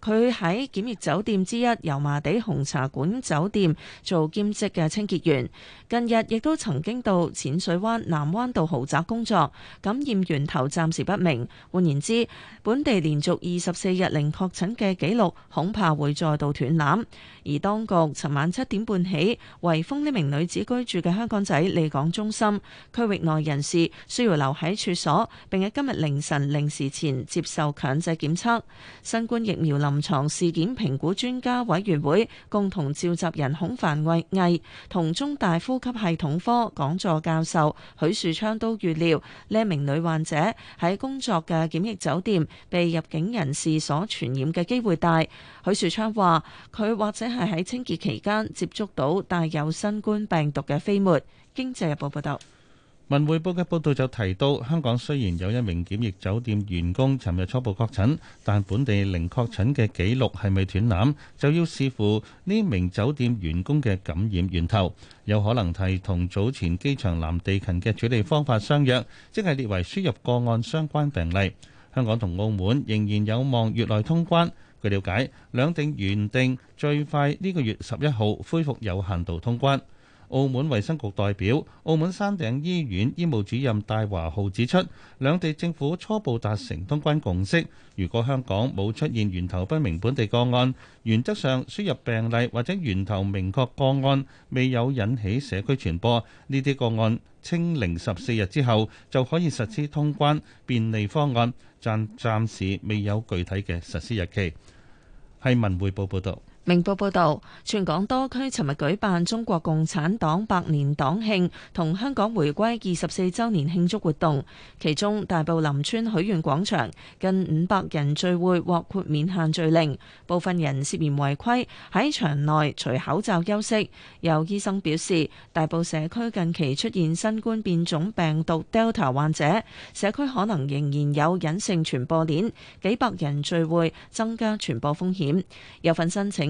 佢喺檢疫酒店之一油麻地紅茶館酒店做兼職嘅清潔員，近日亦都曾經到淺水灣南灣道豪宅工作。感染源頭暫時不明。換言之，本地連續二十四日零確診嘅記錄，恐怕會再度斷纜。而當局尋晚七點半起，圍封呢名女子居住嘅香港仔利港中心區域內人士，需要留喺處所，並喺今日凌晨零時前接受強制檢測。新冠疫苗臨床事件評估專家委員會共同召集人孔繁毅同中大呼吸系統科講座教授許樹昌都預料，呢名女患者喺工作嘅檢疫酒店被入境人士所傳染嘅機會大。許樹昌話：佢或者係喺清潔期間接觸到帶有新冠病毒嘅飛沫。經濟日報報道，文匯報嘅報道就提到，香港雖然有一名檢疫酒店員工尋日初步確診，但本地零確診嘅紀錄係未斷纜，就要視乎呢名酒店員工嘅感染源頭，有可能係同早前機場南地勤嘅處理方法相若，即係列為輸入個案相關病例。香港同澳門仍然有望月內通關。據了解，兩定原定最快呢個月十一號恢復有限度通關。澳門衛生局代表、澳門山頂醫院醫務主任戴華浩指出，兩地政府初步達成通關共識。如果香港冇出現源頭不明本地個案，原則上輸入病例或者源頭明確個案未有引起社區傳播，呢啲個案清零十四日之後就可以實施通關便利方案，暫暫時未有具體嘅實施日期。係文匯報報導。明報報導，全港多區尋日舉辦中國共產黨百年黨慶同香港回歸二十四週年慶祝活動，其中大埔林村許願廣場近五百人聚會獲豁免限聚令，部分人涉嫌違規喺場內除口罩休息。有醫生表示，大埔社區近期出現新冠變種病毒 Delta 患者，社區可能仍然有隱性傳播鏈，幾百人聚會增加傳播風險。有份申請。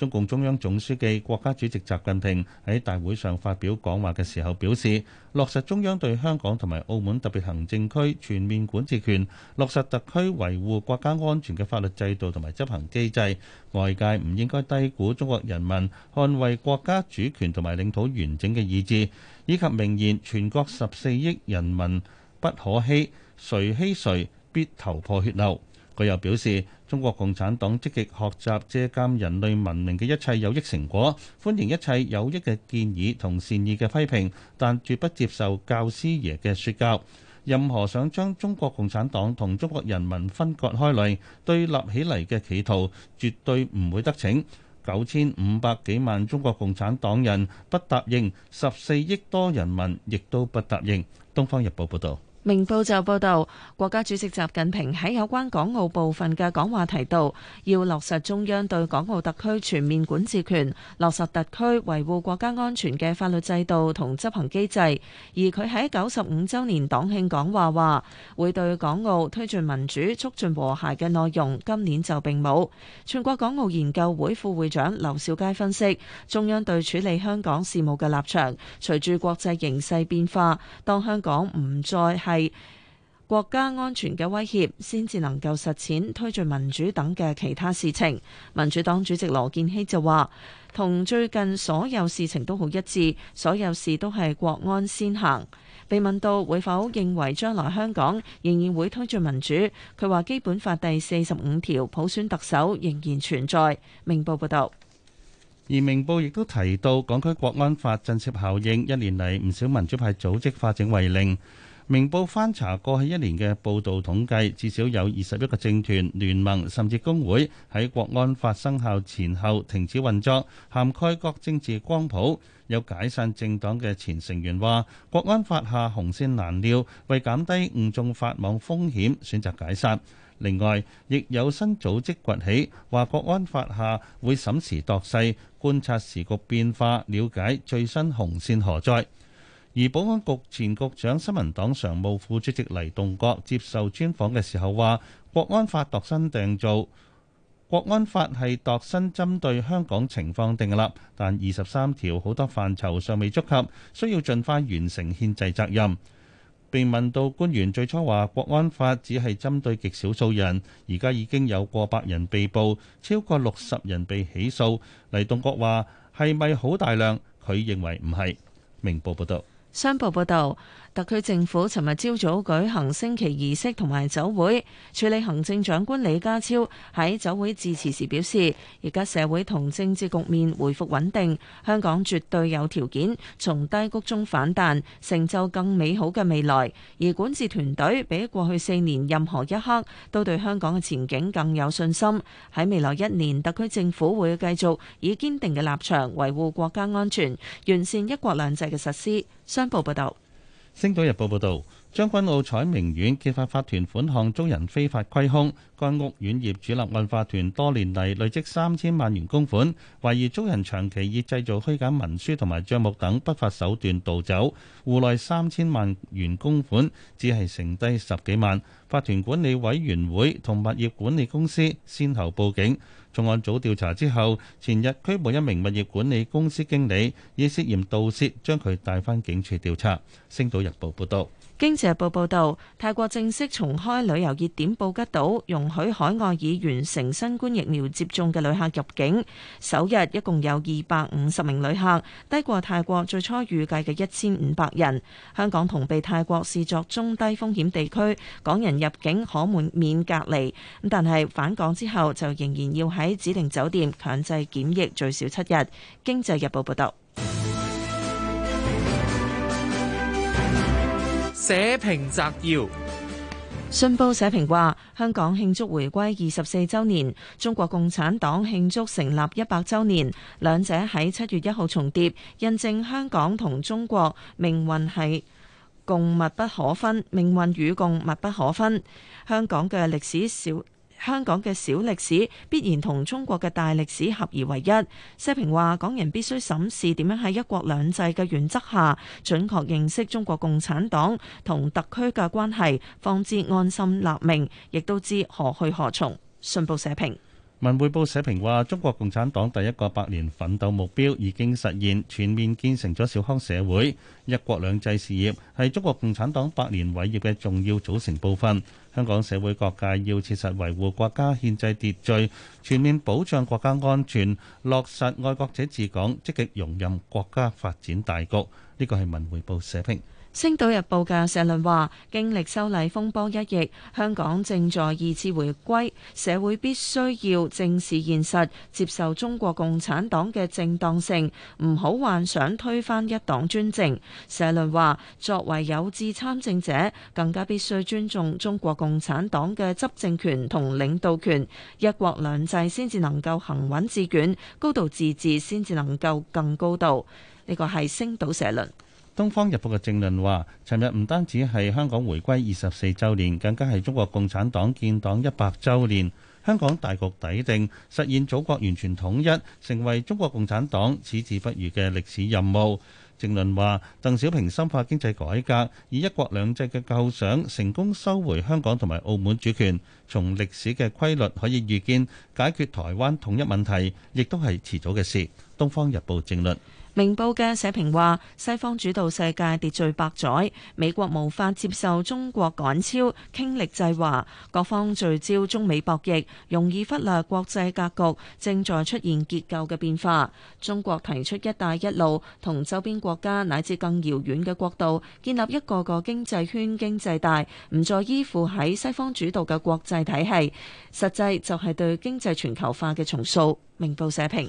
中共中央總書記、國家主席習近平喺大會上發表講話嘅時候表示，落實中央對香港同埋澳門特別行政區全面管治權，落實特區維護國家安全嘅法律制度同埋執行機制。外界唔應該低估中國人民捍衛國家主權同埋領土完整嘅意志，以及明言全國十四億人民不可欺，誰欺誰必頭破血流。佢又表示，中國共產黨積極學習借鑑人類文明嘅一切有益成果，歡迎一切有益嘅建議同善意嘅批評，但絕不接受教師爺嘅説教。任何想將中國共產黨同中國人民分割開嚟、對立起嚟嘅企圖，絕對唔會得逞。九千五百幾萬中國共產黨人不答應，十四億多人民亦都不答應。《東方日報》報導。明報就報道，國家主席習近平喺有關港澳部分嘅講話提到，要落實中央對港澳特區全面管治權，落實特區維護國家安全嘅法律制度同執行機制。而佢喺九十五週年黨慶講話話，會對港澳推進民主、促進和諧嘅內容，今年就並冇。全國港澳研究會副會長劉兆佳分析，中央對處理香港事務嘅立場，隨住國際形勢變化，當香港唔再係國家安全嘅威脅，先至能夠實踐推進民主等嘅其他事情。民主黨主席羅健熙就話，同最近所有事情都好一致，所有事都係國安先行。被問到會否認為將來香港仍然會推進民主，佢話《基本法》第四十五條普選特首仍然存在。明報報道，而明報亦都提到，港區國安法震懾效應，一年嚟唔少民主派組織化整為零。明報翻查過去一年嘅報道統計，至少有二十一個政團、聯盟甚至工會喺國安法生效前後停止運作，涵蓋各政治光譜。有解散政黨嘅前成員話：國安法下紅線難料，為減低誤中法網風險，選擇解散。另外，亦有新組織崛起，話國安法下會審時度勢，觀察時局變化，了解最新紅線何在。而保安局前局長、新聞黨常務副主席黎棟國接受專訪嘅時候話，國安法度身訂做。國安法係度身針對香港情況訂立，但二十三條好多範疇尚未觸及，需要盡快完成憲制責任。被問到官員最初話國安法只係針對極少數人，而家已經有過百人被捕，超過六十人被起訴，黎棟國話係咪好大量？佢認為唔係。明報報道。商報報道。特區政府尋日朝早舉行升旗儀式同埋酒會，署理行政長官李家超喺酒會致辭時表示，而家社會同政治局面回復穩定，香港絕對有條件從低谷中反彈，成就更美好嘅未來。而管治團隊比過去四年任何一刻都對香港嘅前景更有信心。喺未來一年，特區政府會繼續以堅定嘅立場維護國家安全，完善一國兩制嘅實施。商報報道。星島日報報道，將軍澳彩明苑揭發法團款項遭人非法虧空，該屋苑業主立案法團多年嚟累積三千萬元公款，懷疑遭人長期以製造虛假文書同埋賬目等不法手段盜走，戶內三千萬元公款只係剩低十幾萬，法團管理委員會同物業管理公司先後報警。重案組調查之後，前日拘捕一名物業管理公司經理，以涉嫌盜竊將佢帶返警署調查。星島日報報道。經濟日報報導，泰國正式重開旅遊熱點布吉島，容許海外已完成新冠疫苗接種嘅旅客入境。首日一共有二百五十名旅客，低過泰國最初預計嘅一千五百人。香港同被泰國視作中低風險地區，港人入境可免隔離，咁但係返港之後就仍然要喺指定酒店強制檢疫最少七日。經濟日報報導。社評摘要，信報社評話：香港慶祝回歸二十四周年，中國共產黨慶祝成立一百周年，兩者喺七月一號重疊，印證香港同中國命運係共密不可分，命運與共密不可分。香港嘅歷史小。香港嘅小歷史必然同中國嘅大歷史合而為一。社評話，港人必須審視點樣喺一國兩制嘅原則下，準確認識中國共產黨同特區嘅關係，方知安心立命，亦都知何去何從。信報社評。文匯報社評話：中國共產黨第一個百年奮鬥目標已經實現，全面建成咗小康社會。一國兩制事業係中國共產黨百年偉業嘅重要組成部分。香港社會各界要切實維護國家憲制秩序，全面保障國家安全，落實愛國者治港，積極融入國家發展大局。呢個係文匯報社評。《星島日報》嘅社論話：經歷修例風波一役，香港正在二次回歸，社會必須要正視現實，接受中國共產黨嘅正當性，唔好幻想推翻一黨專政。社論話：作為有志參政者，更加必須尊重中國共產黨嘅執政權同領導權，一國兩制先至能夠行穩致遠，高度自治先至能夠更高度。呢個係《星島》社論。《東方日報》嘅政論話：尋日唔單止係香港回歸二十四週年，更加係中國共產黨建黨一百週年。香港大局底定，實現祖國完全統一，成為中國共產黨矢志不渝嘅歷史任務。政論話：鄧小平深化經濟改革，以一國兩制嘅構想成功收回香港同埋澳門主權。從歷史嘅規律可以預見，解決台灣統一問題，亦都係遲早嘅事。《東方日報》政論。明報嘅社評話：西方主導世界秩序百載，美國無法接受中國趕超傾力制華，各方聚焦中美博弈，容易忽略國際格局正在出現結構嘅變化。中國提出「一帶一路」，同周邊國家乃至更遙遠嘅國度建立一個個經濟圈、經濟帶，唔再依附喺西方主導嘅國際體系，實際就係對經濟全球化嘅重塑。明報社評。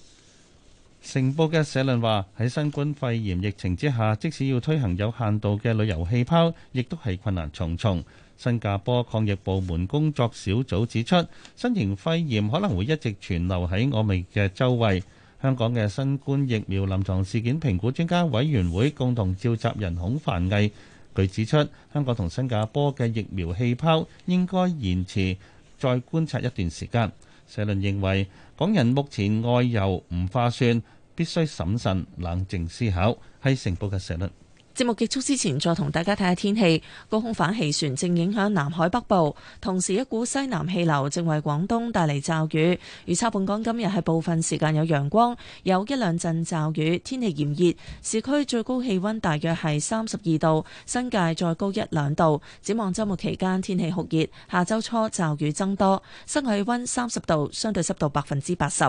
成報嘅社論話：喺新冠肺炎疫情之下，即使要推行有限度嘅旅遊氣泡，亦都係困難重重。新加坡抗疫部門工作小組指出，新型肺炎可能會一直存留喺我哋嘅周圍。香港嘅新冠疫苗臨床事件評估專家委員會共同召集人孔繁毅，佢指出，香港同新加坡嘅疫苗氣泡應該延遲再觀察一段時間。社論認為，港人目前外遊唔划算，必須審慎冷靜思考，係成報嘅社論。節目結束之前，再同大家睇下天氣。高空反氣旋正影響南海北部，同時一股西南氣流正為廣東帶嚟驟雨。預測本港今日係部分時間有陽光，有一兩陣驟雨，天氣炎熱。市區最高氣温大約係三十二度，新界再高一兩度。展望週末期間天氣酷熱，下週初驟雨增多，室氣温三十度，相對濕度百分之八十。